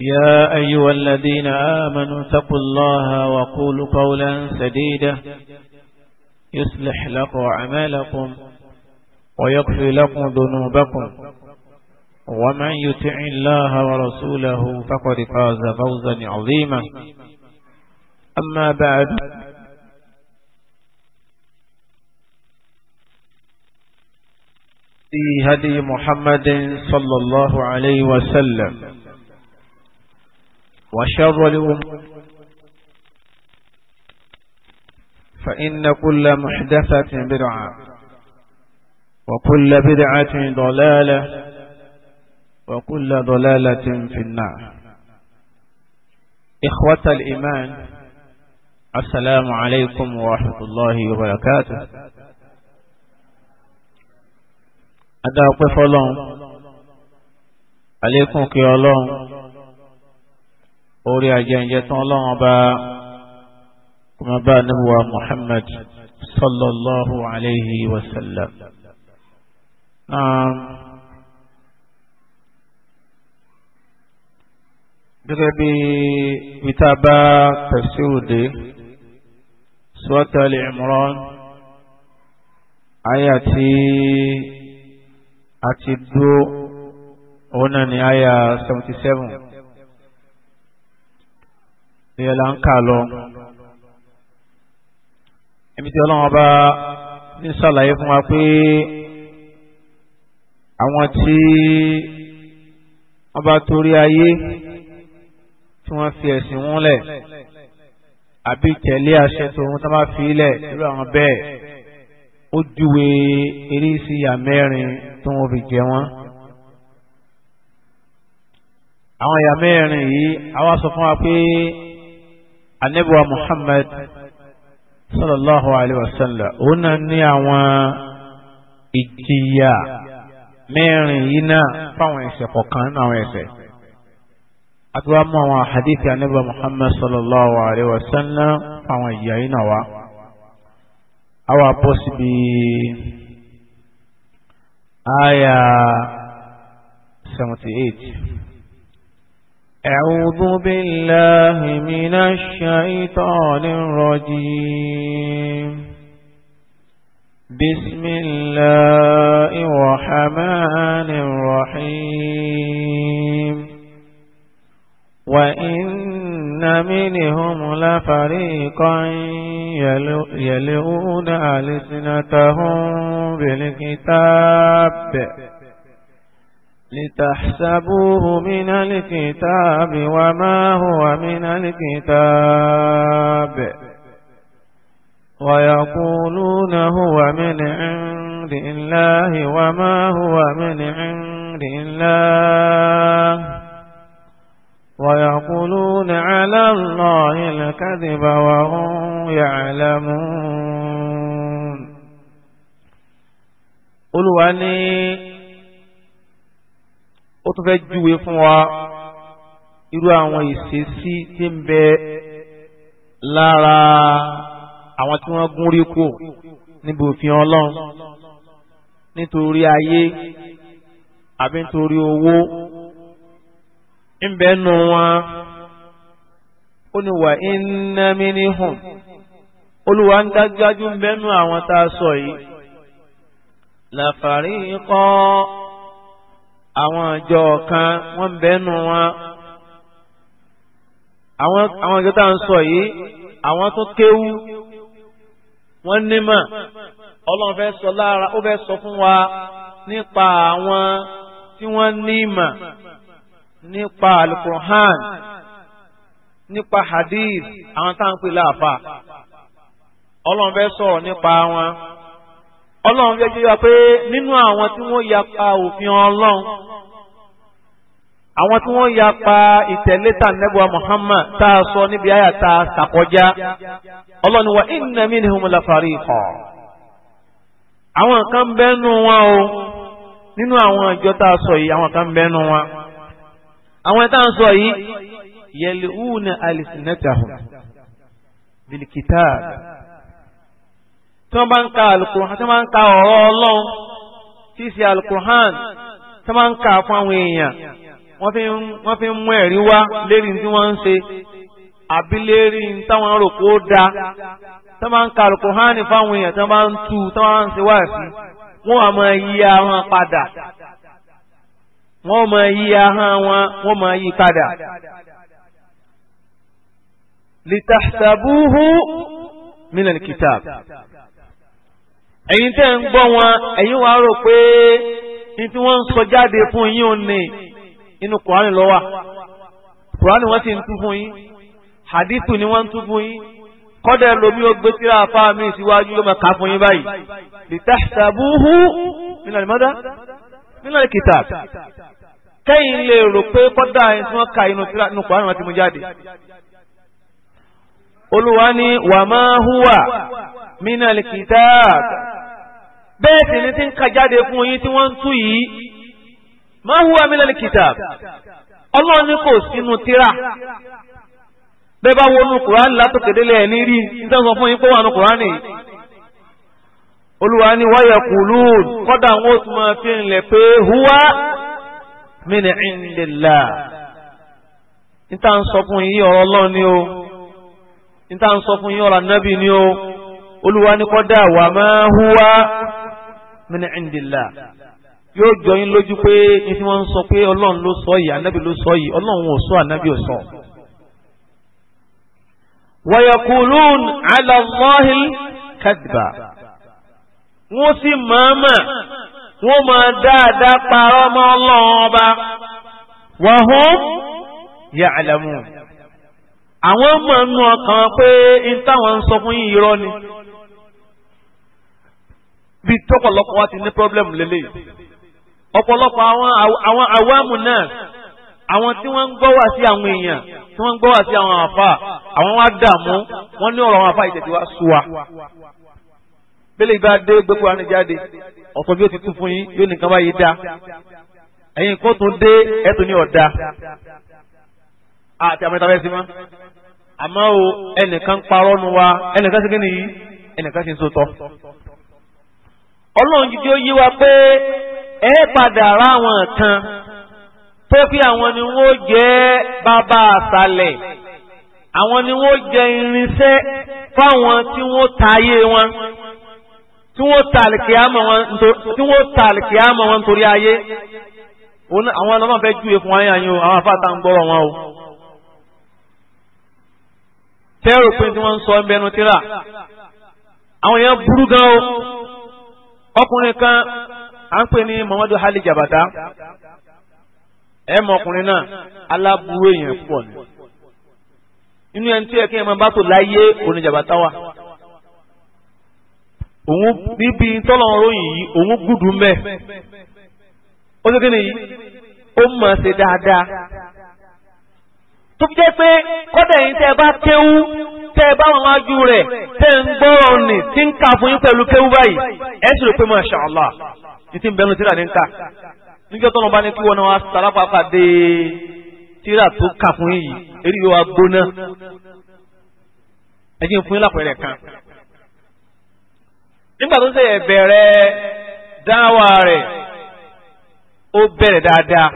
يا أيها الذين آمنوا اتقوا الله وقولوا قولا سديدا يصلح لكم أعمالكم ويغفر لكم ذنوبكم ومن يطع الله ورسوله فقد فاز فوزا عظيما أما بعد في هدي محمد صلى الله عليه وسلم وشر الأمور فإن كل محدثة بدعة وكل بدعة ضلالة وكل ضلالة في النار إخوة الإيمان السلام عليكم ورحمة الله وبركاته أدعوك فلان عليكم كي الله orí ajẹ́njẹ́ tán ọlọ́run ọba kọ́mọ bá níbuwa Muhammad sallallahu alayhi wa sallam. gẹ́gẹ́ bí wíta bá tafsiru dé suratul Imran àyà tí a ti dúró òun ni àyà seventy seven ìyẹn là ń kà lọ. ẹ̀mí tí ọlọ́run bá ní sàlàyé fún wa pé àwọn tí wọ́n bá torí ayé tí wọ́n fi ẹ̀sìn wọn lẹ̀ àbí tẹ̀lé àṣẹ tòun tó bá fi lẹ̀ irú àwọn bẹ́ẹ̀ ó júwe eré sí àmẹ́rin tó wọ́n fi jẹ wọ́n. àwọn ìyá mẹ́rin yìí àwa sọ fún wa pé anabiwa muhammad sallallahu alayhi wa sallam òun náà ní àwọn ìjìyà mẹ́rin yìí náà fáwọn ẹ̀ṣẹ̀ kọ̀ọ̀kan nínú àwọn ẹ̀ṣẹ̀ àti wàá mú àwọn àhàdìsí anabiwa muhammad sallallahu alayhi wa fáwọn ìjìyà yìí náà wá. àwa bọ́ síbi àyà seventy eight. أعوذ بالله من الشيطان الرجيم بسم الله الرحمن الرحيم وإن منهم لفريقا يلؤون ألسنتهم بالكتاب لتحسبوه من الكتاب وما هو من الكتاب ويقولون هو من عند الله وما هو من عند الله ويقولون على الله الكذب وهم يعلمون قل ولي ó tún fẹ́ júwe fún wa irú àwọn ìṣesí tí ń bẹ lára àwọn tí wọ́n gún rí kù níbi òfin ọlọ́run nítorí ayé àbí nítorí owó ń nù wọn ó ní wà iná mi ní hùn olùwà ń dájú ń nù àwọn tá a sọ yìí làfàrí kọ́ àwọn ìjọ kan wọ́n ń bẹ́nu wọn àwọn àwọn ìjọ tá à ń sọ yìí àwọn tó kéwú wọ́n nímọ̀ ọlọ́run fẹ́ sọ lára ó fẹ́ sọ fún wa nípa àwọn tí wọ́n nímọ̀ nípa alukurhan nípa hadith àwọn tá à ń pè láàfà ọlọ́run fẹ́ sọ̀rọ̀ nípa wọn. ọlọ́run fẹ́ jẹ́ pé nínú àwọn tí wọ́n yapa òfin ọlọ́run àwọn tí wọ́n yapa ìtẹ̀lẹ́tà nẹ́bùa Muhammad tá a sọ níbi àyà tá a sàkọjá ọlọ́run ni wa inna minhum la fariqa àwọn kan bẹ́nu wọn o nínú àwọn ìjọ tá a sọ yìí àwọn kan bẹ́nu wọn àwọn tá a sọ yìí tí wọ́n bá ń ka alukur'an tí wọ́n bá ń ka ọ̀rọ̀ ọlọ́run tí í ṣe alukur'an tí wọ́n bá ń ka fún àwọn èèyàn wọ́n fi wọ́n fi mú ẹ̀rí wá lérí tí wọ́n ń ṣe àbí lérí táwọn rò kó da tí wọ́n bá ń ka alukur'an fáwọn èèyàn tí wọ́n bá ń tu tí wọ́n bá ń ṣe wá sí wọ́n á máa yí àwọn padà wọ́n máa yí ahọ́n wọn wọ́n máa yí padà. litahsabuhu min alkitab. ẹ̀yin tẹ́ ń gbọ́ wọn ẹ̀yin wàá rò pé tí wọ́n ń sọ jáde fún yín ò ní inú kùránì lọ́wọ́ kùránì ń fún yín hadithu ni wọ́n ń tú fún yín kọ́dà lomi ó gbé bayi. afá mi síwájú yóò máa kà fún yín báyìí mada minal kitab kẹ́yìn lè rò ka inú ti mú jáde olùwà ni wàmáhùwà bẹ́ẹ̀ sì ni ti ń ka jáde fún yín tí wọ́n ma huwa min al-kitab ọlọ́run ní kò sínú tírà bẹ́ẹ̀ bá wọnú kùránì látòkèdélẹ̀ ẹ̀ ní sọ fún yín pé wà nù kùránì olúwa ni wa yaqulun kọ́dà wọn ó fi ń huwa min indillah níta ń sọ fún yín ọ̀rọ̀ ọlọ́run ni o níta ń sọ ni o huwa. min indillah yóò jọ yín lójú pé ní tí wọ́n ń sọ pé ọlọ́run ló sọ yìí ànábì ló sọ yìí ọlọ́run ò sọ ànábì ò sọ. wa yaqulun ala Allahil sì mọ̀ọ́mà wọ́n máa dáadáa parọ́ mọ́ ọlọ́run ọba wa hum ya'lamun. àwọn mọ̀ọ́nù ọkàn pé ní táwọn ń sọ fún yìí irọ́ ni bí tọpọlọpọ wa ti ní pọblẹmù lélẹ̀ ọ̀pọ̀lọpọ̀ àwọn àwọn awáàmù náà àwọn tí wọ́n ń gbọ́ wá sí àwọn èèyàn tí wọ́n ń gbọ́ wá sí àwọn àfa àwọn wa dààmú wọ́n ní ọ̀rọ̀ àwọn àfa ìtẹ̀tẹ̀ wa sú wa bẹ́lẹ̀ ìgbà dé gbogbo àrùn jáde ọ̀pọ̀ bí ó ti tún fún yín yóò nìkan báyìí dá ẹ̀yin kó tún dé ẹ̀tún ní ọ̀dà àti àmọ́ ìtafẹ́ sí mọ́ àmọ́ o ẹnìkan parọ́ nu wa ẹnìkan sí kí nìyí ẹnìkan sì ń sòtọ́ ọlọ́run jíjẹ́ ó yé wa pé ẹ padà ra àwọn kan tó fi àwọn ni wọ́n jẹ́ bàbá àṣàlẹ̀ àwọn ni wọ́n jẹ́ irinṣẹ́ fáwọn tí wọ́n ta ayé wọn tí wọ́n ta àlìkìyàmọ̀ wọn tí wọ́n ta àlìkìyàmọ̀ wọn nítorí ayé àwọn ọlọ́mọ fẹ́ júwe fún ayé àyàn àwọn afáàtà ń gbọ́rọ̀ wọn o. tẹ́rù pé tí wọ́n ń sọ ẹnbẹ́nu tíra àwọn èèyàn burú gan o ọkùnrin kan à ń pè ní Muhammadu hali jabata ẹ mọ ọkùnrin náà aláburú èèyàn pọ̀ ni inú ẹni tí ẹ kí ẹ máa bá tó láyé òní jabata wa òun níbi tọ́lọ́run yìí òun gùdù mẹ́ ó ṣe kí ni ó mọ̀ ṣe dáadáa tó fi jẹ́ pé kọ́dà yìí tẹ́ ẹ bá kéwú tẹ́ ẹ bá wọn wájú rẹ̀ tẹ́ ń gbọ́rọ̀ nì tí ń kà fún yín pẹ̀lú kéwú báyìí ẹ sì pé masha Allah ní ti ń bẹnu tíra ní ń kà níjọ́ tọ́nà bá ní kí wọn wá sàlápàpà dé tíra tó kà fún yìí eré yóò wá gbóná ẹ jẹ́ fún yín lápẹ̀rẹ̀ kan nígbà tó ń sẹ́yẹ̀ bẹ̀rẹ̀ dáwà rẹ̀ ó bẹ̀rẹ̀ dáadáa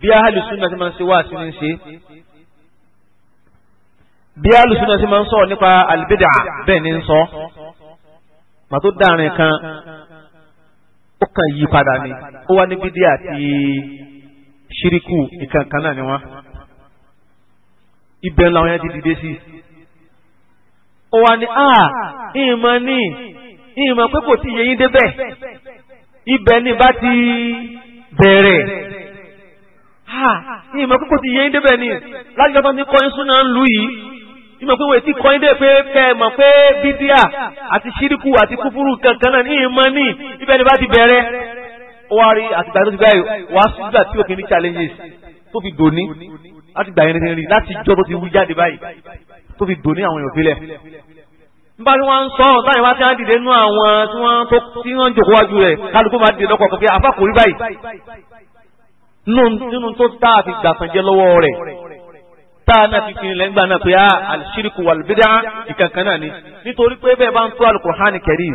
bí ahàlùsùn náà ti máa ń ṣe wá sí ní ṣe bí alùsùn náà sì máa ń sọ̀rọ̀ nípa àlùbídà bẹ́ẹ̀ ni ń sọ màtó dáàrin kan ó kàn yí padà ni ó wá ní bídí àti ṣíríkù ìkànkan náà ni wọn ibẹ̀ làwọn yẹn ti dìde sí ó wá ní a ìmọ̀ ní ìmọ̀ pé kò tí yẹyin débẹ̀ ibẹ̀ ni bá ti bẹ̀rẹ̀ ìmọ̀ pé kò tí yẹyin débẹ̀ ni láti lọ́tọ́ ní kọ́ni súnà ń lù yìí ìmọ̀ pé wọ́n ti kọ́ ilé pé kẹ́ ẹ mọ̀ pé bídíà àti ṣíríkù àti kúfúrú kankan náà ní ìmọ̀ ní ibẹ̀ ni bá ti bẹ̀rẹ̀ wọ́n rí àtìgbà tó ti gbà yìí wọ́n tí òkè ní challenges tó fi dòní láti gbà yẹn ní láti jọ́ tó ti wú jáde báyìí tó fi dòní àwọn èèyàn fílẹ̀. nígbà tí wọ́n ń sọ ọ̀hún táyà wá ti ń dìde nú àwọn tí wọ́n tó tí wọ́n jòkó wájú rẹ̀ kálukú máa dìde lọ́kọ̀ táà náà fi fi lẹ́ngbà náà pé àṣírìkù ah, wàlúbídà ìkankan náà ni nítorí pé bẹ́ẹ̀ bá ń tó alukur'an kẹrí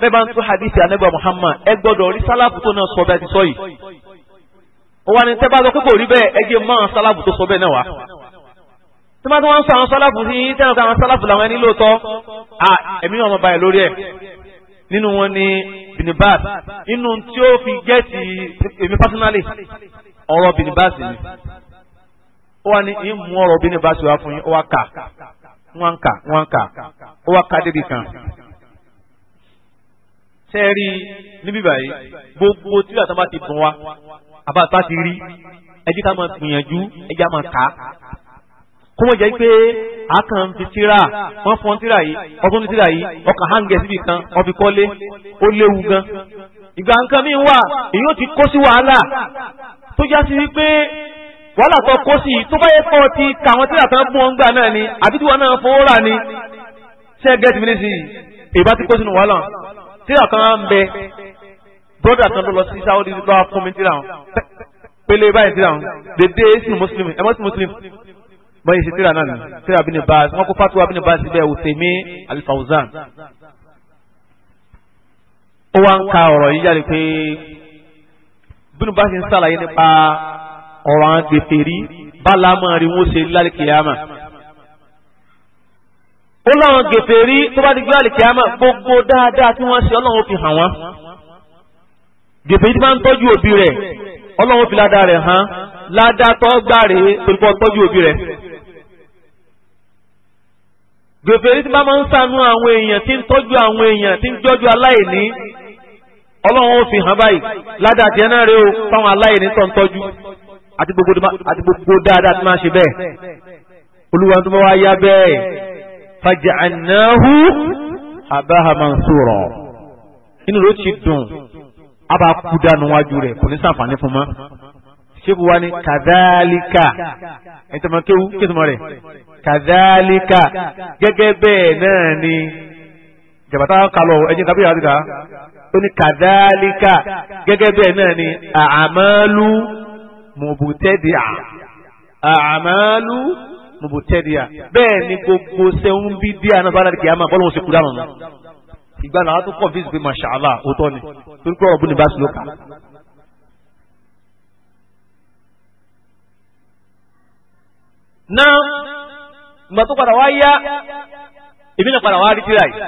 bẹ́ẹ̀ bá ń tó hadith anagba muhammad ẹ gbọ́dọ̀ rí sálàfù tó náà sọ bẹ́ẹ̀ ti sọ yìí. ó wà ní tẹ́ bá lọ kókò rí bẹ́ẹ̀ ẹ jẹ́ mọ́ àwọn sálàfù tó sọ bẹ́ẹ̀ náà wá. tí wọ́n ti wọ́n sọ àwọn sálàfù sí yín tẹ́lẹ̀ àwọn sálàfù làwọn ẹni lóòótọ́ ẹ̀mí wọn bá ẹ̀ lórí ẹ̀ nínú wọn ni binibas inú tí ó fi gẹ́ẹ̀tì èmi personally ọ̀rọ̀ binibas ni ó wá ní ń mú ọ̀rọ̀ obìnrin bá ṣe wá fún yín ó wá kà wọ́n kà wọ́n kà ó wá ká débi kan. ṣé ẹ rí i níbí báyìí gbogbo tí àtàwọn bá ti bùn wa àbá bá ti rí ẹjẹ ká máa gbìyànjú ẹjẹ á máa kà á kó pé a kàn fi tíra wọ́n fọ́n tíra yìí ọdún tíra yìí ọkàn hàǹgẹ̀ síbi kan ọbí kọ́lé ó léwu gan. ìgbà nǹkan mi wà èyí ó ti kó sí wàhálà tó já wípé wàhálà tó kó sí i tó bá yẹ kọ́ ti kà wọ́n tí àtàn bú wọn gbà náà ni àbí tí wọn náà fowó rà ni ṣé gẹ́tì mi ní sí i ìbá ti kó sínú wàhálà tí àtàn ń bẹ broda kan tó lọ sí Saudi lọ́wọ́ fún mi tíra wọn pélé báyìí tíra wọn dédé sí muslim ẹ mọ́ sí muslim báyìí sí tíra náà ni tíra Ibn Baz wọn kó fatuwa Ibn Baz síbẹ̀ Uthaymin Al-Fawzan ó wá ń ka ọ̀rọ̀ yíyá ni pé Ibn Baz ń sàlàyé nípa ọ̀rọ̀ àwọn gbèfèrí bálámọ̀ rí wọ́n ṣe lálẹ́kìyàmà ó láwọn gbèfèrí tó bá di gbé àlẹ́kìyàmà gbogbo dáadáa tí wọ́n ṣe ọlọ́run fi hàn wọ́n gbèfèrí tí wọ́n ń tọ́jú òbí rẹ̀ ọlọ́run fi ládàá rẹ̀ hàn ládàá tó gbà rèé torí pé ó tọ́jú òbí rẹ̀ gbèfèrí tí bá máa ń sànú àwọn èèyàn tí ń tọ́jú àwọn èèyàn tí ń jọ́jú aláìní ọlọ́run ó fi hàn báyìí ládàá tiẹ̀ náà rèé o fáwọn aláìní tó ń tọ́jú àti gbogbo dáadáa tó máa ṣe bẹ́ẹ̀ olúwa tó máa wá yá bẹ́ẹ̀ faja'annahu abaha mansura inú ló ti dùn abá kú dànù wájú rẹ̀ kò ní sàǹfààní fún mọ́ ṣébu wa ni kàdálíkà ẹ̀tọ́mọ̀ kéwu kéwùmọ̀ rẹ̀ kàdálíkà gẹ́gẹ́ bẹ́ẹ̀ náà ni jabata kalọ ẹ̀jẹ̀ kàbí yàrá ó ní kàdálíkà gẹ́gẹ́ bẹ́ẹ̀ náà ni àmàlú mubutẹ́díà àmàlù mubutẹ́díà bẹ́ẹ̀ ni gbogbo sẹ́wọ́n bí díà náà bá dàdí kìá máa bọ́lá wọn sì kú dànù ìgbà náà tó kọ́ fíìsì pé masha allah òótọ́ ni torí pé ọ̀bùn ní bá sùn ló kà. náà ìgbà tó padà wá yá èmi náà padà wá rí tíra yìí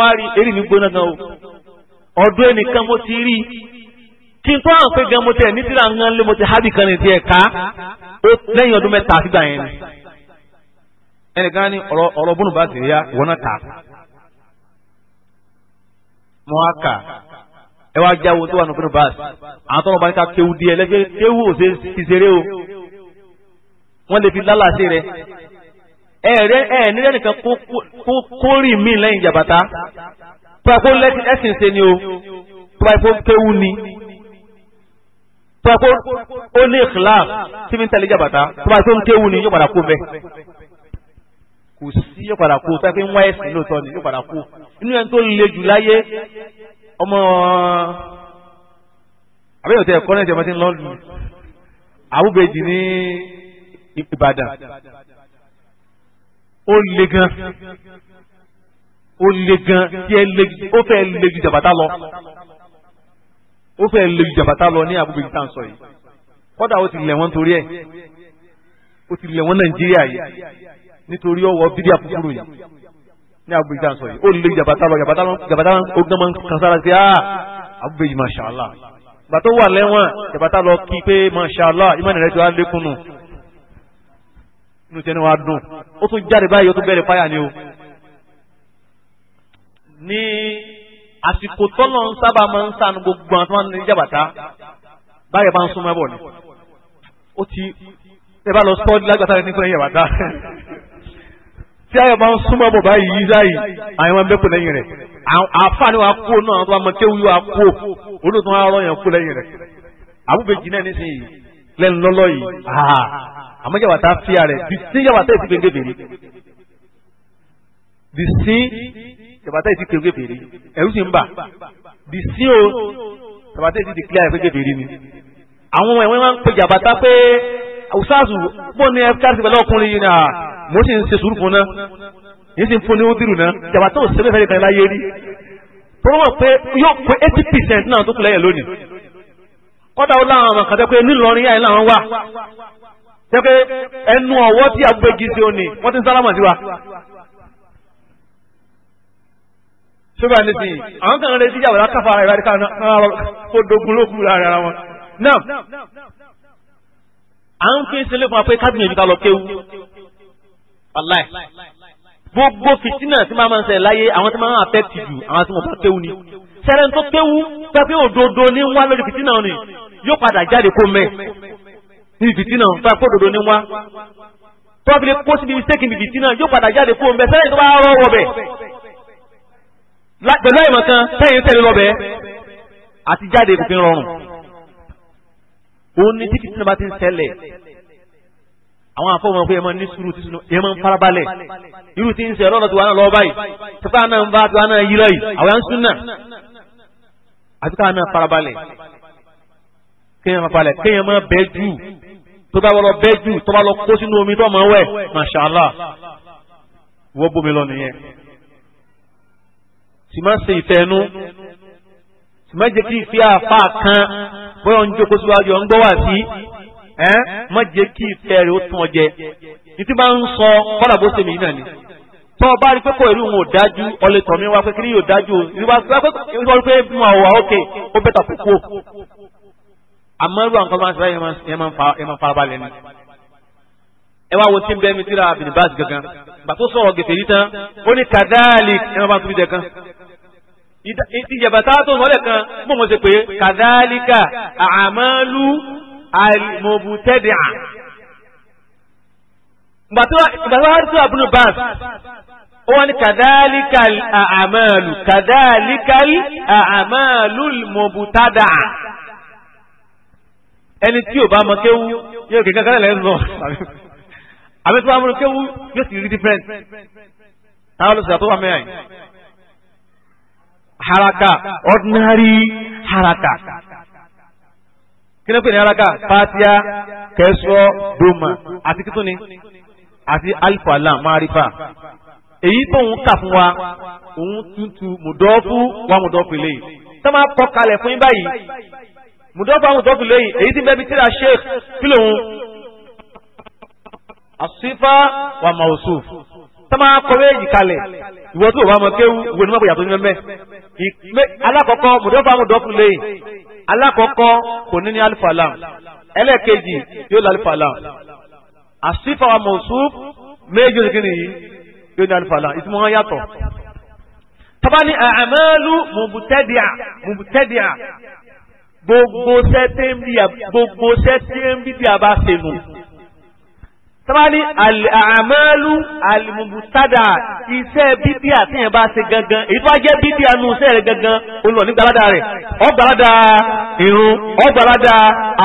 wá rí eré mi gbóná gan o ọdún ẹnìkan mo ti rí kí n tó hàn pé gan mo tẹ̀ ní tíra ńlá lé mo ti hábì kan ní ti ká ó lẹ́yìn ọdún mẹ́ta sígbà yẹn ni. ẹnìkan ní ọ̀rọ̀ bùnú bá ti rí ya wọ́n náà ta. mo á kà ẹ wá jáwó tó wà ní bùnú bá àwọn tó ń bá ní ká kéwu díẹ̀ lẹ́gbẹ́ kéwu ò ṣe ti ṣeré o wọ́n lè fi lálàsí rẹ̀ ẹ̀rẹ́ ẹ̀ nílẹ̀ nìkan kórì mí lẹ́yìn jàbàtà pípa kó lẹ́sìn ṣe ni o pípa kó kéwu ni tọ́pọ̀ ó ní ìkìláà tí mi ń tẹ̀lé jàbàtà tó bá tó ń kéwu ni yóò padà kú mẹ́ kò sí yóò padà kú tọ́pẹ́ ń wá ẹ̀sìn lóòótọ́ ni yóò padà kú inú ẹni tó le jù láyé ọmọ àbẹ́yọ̀ tẹ ẹ̀kọ́ náà ti ọmọ tí ń lọ́ọ̀lù àbúbejì ní Ìbàdàn ó le gan ó le gan tí ẹ le ó fẹ́ le jù jàbàtà lọ ó fẹ́ lè jàbátá lọ ní àbúgbè tá à ń sọ yìí kódà ó ti lẹ̀ wọ́n torí ẹ̀ ó ti lẹ̀ wọ́n nàìjíríà yìí nítorí ọwọ́ bídíà kúkúrú yìí ní àbúgbè tá à ń sọ yìí ó lè jàbátá lọ jàbátá ó gbọ́n máa ń kan sára sí ah, àbúgbè yìí masha allah tó wà lẹ́wọ̀n jàbátá lọ kí pé masha ìmọ̀ nìrẹ́jọ á lékún nù inú tẹnu wa dùn ó tún jáde báyìí ó tún bẹ̀rẹ̀ fáyà ni o ní àsìkò tọ́lọ̀ ń sábà máa ń sànù gbogbo àwọn tó máa ń ní jàbàtà báyọ̀ bá ń súnmọ́ bọ̀ ni ó ti ẹ bá lọ sọ ọ́ lágbàtà rẹ nípa jàbàtà tí ayọ̀ bá ń súnmọ́ bọ̀ báyìí yí sáyìí àwọn máa ń bẹ́kù lẹ́yìn rẹ̀ àfààní wa kú náà àwọn tó máa kéwu wa kú olóòtú wọn arọ yẹn kú lẹ́yìn rẹ̀ àbúbejì náà nísìnyí tẹ̀bátẹ́ ti kéwé fèrè ẹ̀rú sì ń bà dì o tẹ̀bátẹ́ ti declare kéwé fèrè ni. àwọn ọmọ ẹ̀wọ̀n máa ń pe jàbátá pé ọ̀sáàsù bó ni ẹ káàsì pẹ̀lú ọkùnrin yìí náà ah, mo sì ń ṣe sùúrù fún náà yìí sì ń fún ní ó dìrù náà jàbátá ò sẹ́fẹ́ fẹ́ẹ́ kan láyé rí. tó wọ́n pé yóò pé eighty percent náà tó kù lẹ́yìn lónìí kọ́dà ó láwọn ọmọ kan tẹ́ pé nílọrin yáyìn láwọn wà tẹ́ pé ẹnu ọ̀wọ́ tí àgbègì sí òní wọ́n ti ń sálámà sí wa sọ́ba ní sìn àwọn kan retí ìyàwó lákàfà ara ìwádìí kan kó dogun ló kú lára wọn. náà à ń fi sílé fún wa pé kábìnrin ìjọba lọ kéwu aláì gbogbo fìtínà tí máa máa ń ṣẹlẹ̀ láyé àwọn tí máa ń affect jù àwọn tí wọ́n bá kéwu ni sẹ́rẹ̀ tó kéwu pẹ́pẹ́ òdodo ní wá lórí fìtínà ni yóò padà jáde kó mẹ́ níbi fìtínà fún akó òdodo ní wá tọ́bìlì kó síbi sẹ́kì níbi fìtínà yóò padà jáde kó mẹ́ sẹ́rẹ̀ tó bá rọ́ wọ bẹ̀ pẹ̀lú àìmọ̀ kan tẹ́yìn tẹ̀lé lọ́bẹ̀ àti jáde kò fi rọrùn òun ni tí fìtínà bá ti ń ṣẹlẹ̀ àwọn àfọwọ́mọ pé ẹ máa ní sùúrù tí ẹ máa ń farabalẹ̀ irú tí ń ṣe ọlọ́dọ̀ tí wàá náà lọ́wọ́ báyìí tọ́pẹ́ àná ń bá tí wàá náà yí lọ́yìí àwọn yàn ń sún náà àti káwọn náà farabalẹ̀ kéèyàn farabalẹ̀ kéèyàn máa bẹ́ẹ̀ jù tó bá wọlọ bẹ́ẹ̀ jù tó bá lọ kó sínú omi tó máa wẹ̀ mashallah wọ́n bómi lọ nìyẹn sì má ṣe ìfẹ́nu sì má jẹ́ kí ìfẹ́ apá kan bóyá ń jókòó síwájú ọ̀ ń gbọ́ wá sí ẹ́ má jẹ́ kí ìfẹ́ rẹ̀ ó tàn jẹ ní bá ń sọ kọ́dà bó ṣe mí náà ni tọ́ ọ bá rí pé kò rí òun ò dájú ọlẹ́ tọ̀ mí wá pé kí ni yóò dájú ìwà pé mo àwọ̀ òkè ó bẹ́tà púpọ̀ àmọ́ àwọn kan sọ yẹn máa fara balẹ̀ ni ẹ wá wo tí ń bẹ mi tíra abinibasi gangan gbà tó sọ̀rọ̀ yìí tán ó ní kàdáàlì ẹ máa bá tóbi dẹ̀ kan ìjẹ̀bàtà tó nọ́lẹ̀ kan mọ̀ mọ̀ sí pé kàdálíkà àmàlú àmọ̀bùtẹ́dìà. gbàtàwárí tó àbúrò báàs ó wá ní kàdálíkà àmàlú kàdálíkà àmàlú mọ̀bùtádà. ẹni tí ò bá mọ kéwú yóò kéka kálẹ̀ lẹ́nu náà àbẹ́tọ́ àmọ́ kéwú yóò sì rí different. táwọn olùsọ̀rọ̀ tó wà mẹ́rin haraka ordinary haraka kí ló pè ní haraka fatia kẹsọ doma àti kí ni àti alifa lam marifa èyí tó ń kà fún wa òun tuntun mùdọ́fù wa mùdọ́fù lẹ́yìn tó máa kọ́ kalẹ̀ fún yín báyìí mùdọ́fù wa mùdọ́fù lẹ́yìn èyí tí bẹ́ẹ̀ tíra sheikh kí lòun asifa wa mausuf tó máa kọ̀wé èyí kalẹ̀ ìwọ tó o bá mọ kéwú ìwé ni wọ́n gbèyà tó ní mẹ́mẹ́ alákọ̀ọ́kọ́ mùdọ́fà mùdọ́fù lẹ́yìn alákọ̀ọ́kọ́ kò ní ní alifalam ẹlẹ́ẹ̀kejì yóò lọ alifalam àṣìfà wa mọ̀sùf méjì oṣù kìíní yìí yóò ní alifalam ìtumọ̀ wọn yàtọ̀ tọ́ba ní àmàlù mùbùtẹ́dìà mùbùtẹ́dìà gbogbo sẹ́tẹ́ńbì gbogbo sẹ́tẹ́ńbì bá ṣe nù tọ́ba ní àmọ́lú àlùmùbùtádà iṣẹ́ bíbí àtìyàn bá ṣe gangan èyí tó bá jẹ́ bíbí àánú iṣẹ́ rẹ̀ gangan olùlọ ní gbalada rẹ̀ ọgbàlada irun ọgbàlada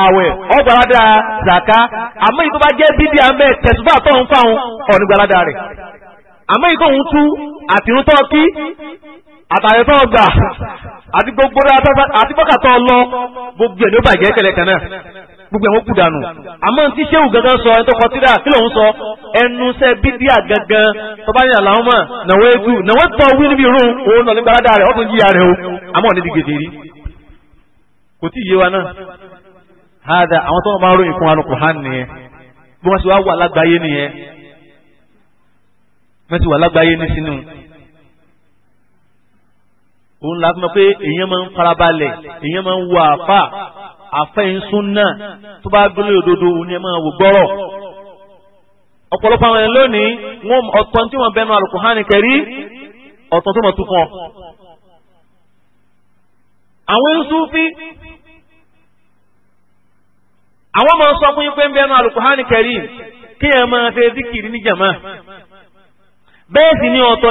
àwẹ̀ ọgbàlada zaka àmọ́ èyí tó bá jẹ́ bíbí àmẹ́ tẹ̀sùbà tọ̀hún fáwọn ọ̀ní gbalada rẹ̀ àmọ́ èyí tóhun tú àtìrún tọ́ kí àtàrẹ tọ́ gbà àti gbogbo àti bọ́kà tọ́ lọ gbogbo ẹ̀ ló bàjẹ́ kẹlẹ̀ kan náà gbogbo ẹ̀wọ̀n kù dànù àmọ́ tí sẹ́wù gangan sọ ẹni tó kọ tíra kí lòun sọ ẹnu sẹ́ bídíà gangan tó bá ní àlàáhùnmọ̀ nàwó ètù nàwó tọ́ wí níbi irun òun nà nígbà dáadáa rẹ̀ ọ̀tún yíya rẹ̀ o àmọ́ ní ti rí kò tí ì yé wa náà hada àwọn tó wọn máa ròyìn fún alùpùpù hàn nìyẹn bí wọ́n sì wá wà lágbàáyé nìyẹn wọ́n sì wà lágbàáyé ní sínú òun làá pé èèyàn máa ń farabalẹ̀ èèyàn máa ń wà fà àfẹ́yìnsún náà tó bá gbélé òdodo òun ni a gbọ́rọ̀ ọ̀pọ̀lọpọ̀ àwọn ẹ̀ lónìí wọn ọ̀tọ̀ tí bẹnu kẹrí ọ̀tọ̀ tó mọ̀ tó fún ọ. àwọn Sufi àwọn máa sọ fún yín pé ń bẹnu kẹrí kí ẹ máa fẹ́ díkìrì ní jàmá bẹ́ẹ̀ sì ni ọ̀tọ̀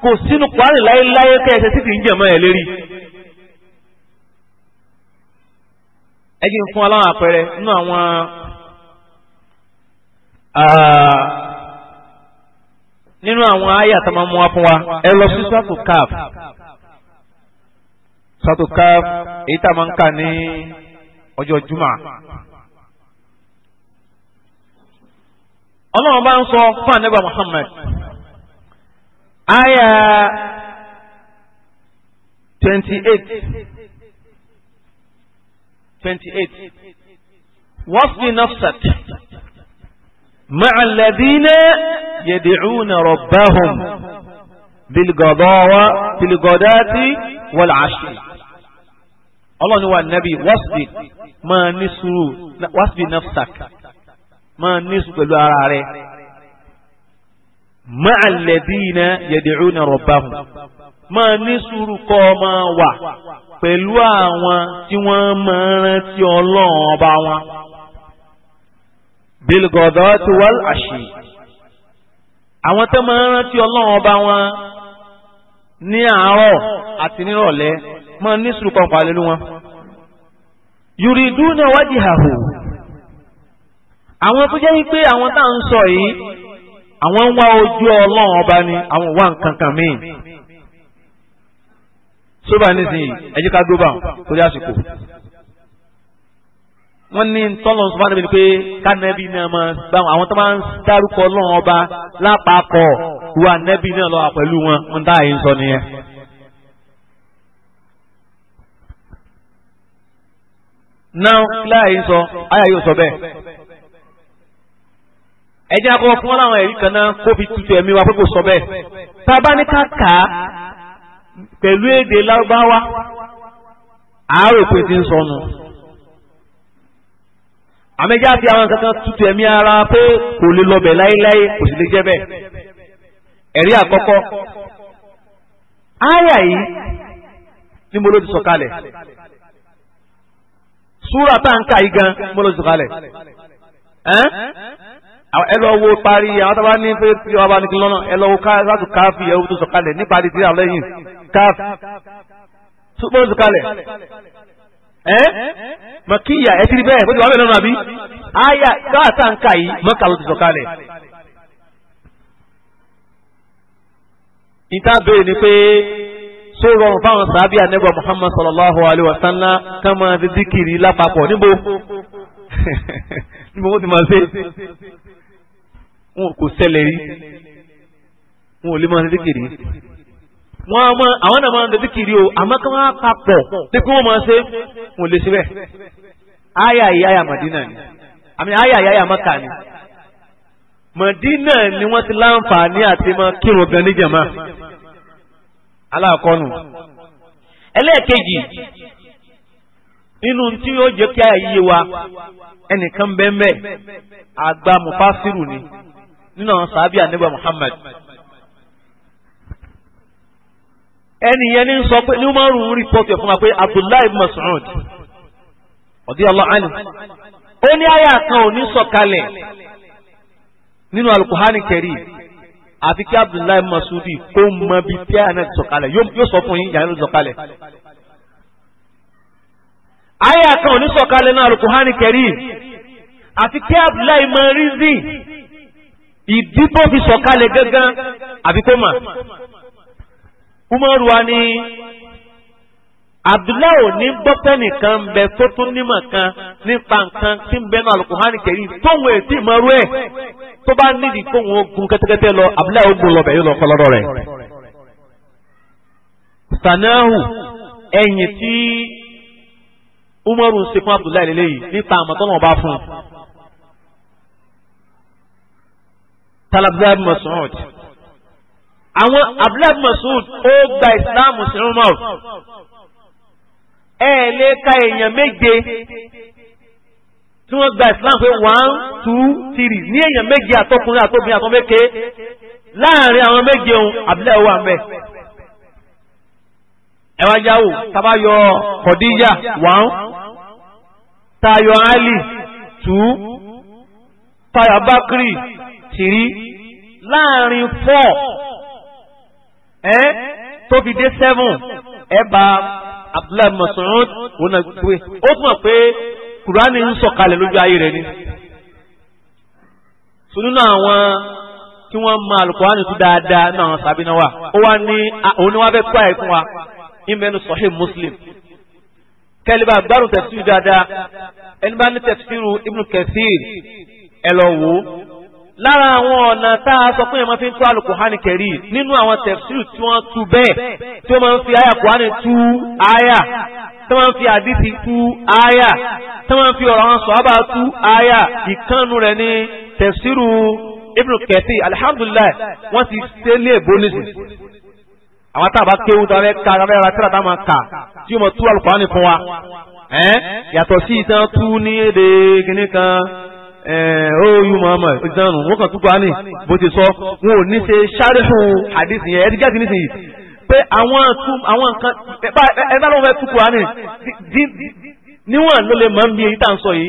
kò sínú kwari láéláé kẹsẹ títí ń jẹmọ ẹ̀ lérí. ẹ jí ń fún aláwọn àpẹẹrẹ nínú àwọn nínú àwọn àyà tá máa mú fún wa ẹ lọ sí sọ́tò káf sọ́tò káf èyí tá máa ń kà ní ọjọ́ juma ọlọ́run bá ń sọ fún ànábì Muhammad. aya twenty eight twenty eight wasfi nafsak maca ladina yadicuna rabbahum bilgadawa bilgadaati walcashi ọlọ́ni wa nabi wasfi máa ní sùúrù wasfi nafsak máa ní sùúrù ara rẹ̀ ma'a alladhina yad'una rabbahum máa ní sùúrù kọ́ máa wà pẹ̀lú àwọn tí wọ́n máa rántí ọlọ́run ọba wọn. bilgodati wal ashi àwọn tó máa rántí ọlọ́run ọba wọn ní àárọ̀ àti nírọ̀lẹ́ máa ní sùúrù kan pàlẹ́ lú wọn. yuriduna wajhahu àwọn tó jẹ́ wípé àwọn tá ń sọ yìí àwọn ń wá ojú ọlọ́run ọba ni àwọn wá nǹkan kan míì sóbà nísìnyí ẹ jẹ́ ká dó bá torí àsìkò wọ́n ní tọ́lọ̀ sọ́fà níbi ni pé kánẹ́bí náà máa gbáwọn àwọn tó máa ń dárúkọ ọlọ́run ọba lápapọ̀ wa nẹ́bí náà lọ́wọ́ pẹ̀lú wọn ń dá àyè ń sọ nìyẹn. náà láàyè ń sọ ayà yóò sọ bẹ́ẹ̀ ẹjẹ́ akọ́kọ́ fún wọn àwọn ẹ̀rí kan náà kó fi tutù ẹ̀mí wa pé kò sọ bẹ́ẹ̀ tá a bá ní ká kà á pẹ̀lú èdè lárúbáwá àárò pé ti ń sọnù àmẹ́jẹ́ àti àwọn kankan tutù ẹ̀mí ara pé kò lè lọ bẹ̀ láéláé kò sì lè jẹ́ bẹ́ẹ̀ ẹ̀rí àkọ́kọ́ áyà yìí ni mo ló sọ̀kalẹ̀ súrà tá yìí gan mo ló sọ̀kalẹ̀ ẹ́n ẹ lọ wo parí àwọn tó bá ní pé tí ọba ní kí lọ́nà ẹ lọ wo káàtù káàfì ẹrú tó sọ̀kalẹ̀ nípa ti tírà lẹ́yìn káàfì tó sọ̀kalẹ̀ ẹ́ mọ̀kíyà ẹ ti rí bẹ́ẹ̀ bó ti wà bẹ́ẹ̀ lọ́nà àbí àyà káàtà ń kà yìí mọ́kà ló ti sọ̀kalẹ̀. níta béèrè ni pé tó rọrùn fáwọn sàábì ànẹ́gbà Muhammad sallallahu alayhi wa sallam kán máa fi díkìrì lápapọ̀ níbo níbo wọ́n ti máa ṣe. wọn kò ṣẹlẹ̀ rí wọn ò lè máa wọn a máa àwọn náà o àmọ́ kí wọ́n á papọ̀ dípò wọ́n máa ṣe wọn ò ni àmì aya yìí maka ni Màdínà ni ti láǹfààní àti máa kírun gan ní jàmá aláàkọ́nù ẹlẹ́ẹ̀kejì nínú tí yóò jẹ́ wa ẹnìkan bẹ́ẹ̀ bẹ́ẹ̀ àgbà nínú àwọn sàábì ànábì Muhammad ẹni yẹn ní sọ pé ní wọ́n rún un rìpọ́tù ẹ̀ wa pé Abdullahi ibn Mas'ud radiyallahu ó ní àyà kan ò sọ̀kalẹ̀ nínú alukuhani kẹrì àfi kí Abdullahi ibn kó mọ bí tí sọ fún yín yàrá ló sọ̀kalẹ̀ kan sọ̀kalẹ̀ nínú alukuhani kẹrì àfi kí Abdullahi ìdí tó fi sọ̀kalẹ̀ gángan àbí kó mà umaru wa ni abdullahi ní gbọ́pẹ́ nìkan bẹ tó tún nímọ̀ kan nípa nǹkan tí ń bẹ alukuhani kẹrin tóun ìmọ̀rú ẹ̀ tó bá nídìí kóun ogun kẹ́tẹ́kẹ́tẹ́ lọ abdullahi ogun lọ lọ rẹ̀. sanahu ẹ̀yìn tí umaru ń abdullahi àmọ́tọ́nà ọba fún talabdab masoud àwọn abdulab masoud ó gba islam sí umar ẹ lè ka èèyàn méje tí wọ́n gba islam pé one two three ní èèyàn méje àtọkùnrin àtọbìnrin àtọmẹkẹ láàrin àwọn méje ohun abdulab wà mẹ ẹ wá yáwò tábà yọ kọdíyà one tayọ ali two tayọ bakri ti rí láàrin four ẹ tó fi dé seven ẹ bá abdullahi masoud wọnà gbé ó tún mọ̀ pé kùránì ń sọ̀kalẹ̀ lójú ayé rẹ̀ ni so nínú àwọn tí wọ́n mọ alukùránì tó dáadáa náà àwọn sàbínà wa ó wá ní òun ni wọ́n fẹ́ kó àyè fún wa ìmẹ́nu sọ̀hí muslim kẹlẹ́bà gbárùn tẹ̀síwì dáadáa ẹni bá ní tẹ̀síwì ibnu kathir ẹ lọ wò ó lára àwọn ọ̀nà tá a sọ pé ẹ̀ máa fi ń tú alukuhani kẹ̀rí nínú àwọn tẹ̀síù tí wọ́n tú bẹ́ẹ̀ tí wọ́n máa ń fi àyà kuhani tú àyà tí wọ́n máa ń fi àdìsí tú àyà tí wọ́n máa ń fi ọ̀rọ̀ àwọn sọ̀hábà tú àyà ìkànnù rẹ̀ ní tẹ̀síù ibnu kẹtì alihamdulilayi wọ́n ti ṣe lé bonisi àwọn tábà kéwù tó abẹ́ ká abẹ́ ra tíra tá a máa kà tí wọ́n tú alukuhani fún wa yàtọ̀ sí ìtàn tú ní èdè kìnnìkan. Eh, oyu oh, muhammad ìdánu wọn kàn túkọ̀ ánì bó ti sọ wọn ò ní ṣe ṣáàrẹ́sùn hadith yẹn ẹ̀dí gẹ́gẹ́ nísìnyí pé àwọn tún àwọn nǹkan ẹ bá lọ́wọ́ fẹ́ túkọ̀ ánì níwọ̀n ló lè máa ń bí èyí tá à ń sọ yìí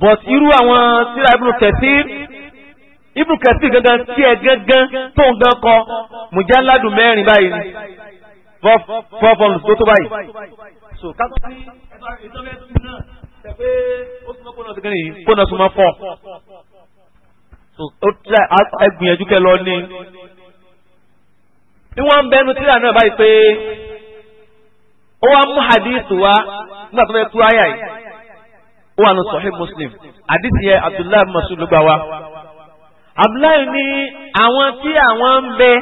but irú àwọn síra ibùdó kẹsí ibùdó kẹsí gangan tí ẹ gangan tó ń gan kọ mùjáládùn mẹ́rin báyìí ni four four four ló tó báyìí ṣe pé ó súnmọ́ kó náà ti kéré yìí kó náà súnmọ́ náà báyìí pé ó wá mú hadith wá nígbà tó fẹ́ tú àyà yìí ó wà ní Sahih Muslim hadith yẹn Abdullahi Masud ló gbà wá. Abdullahi ní àwọn tí àwọn ń bẹ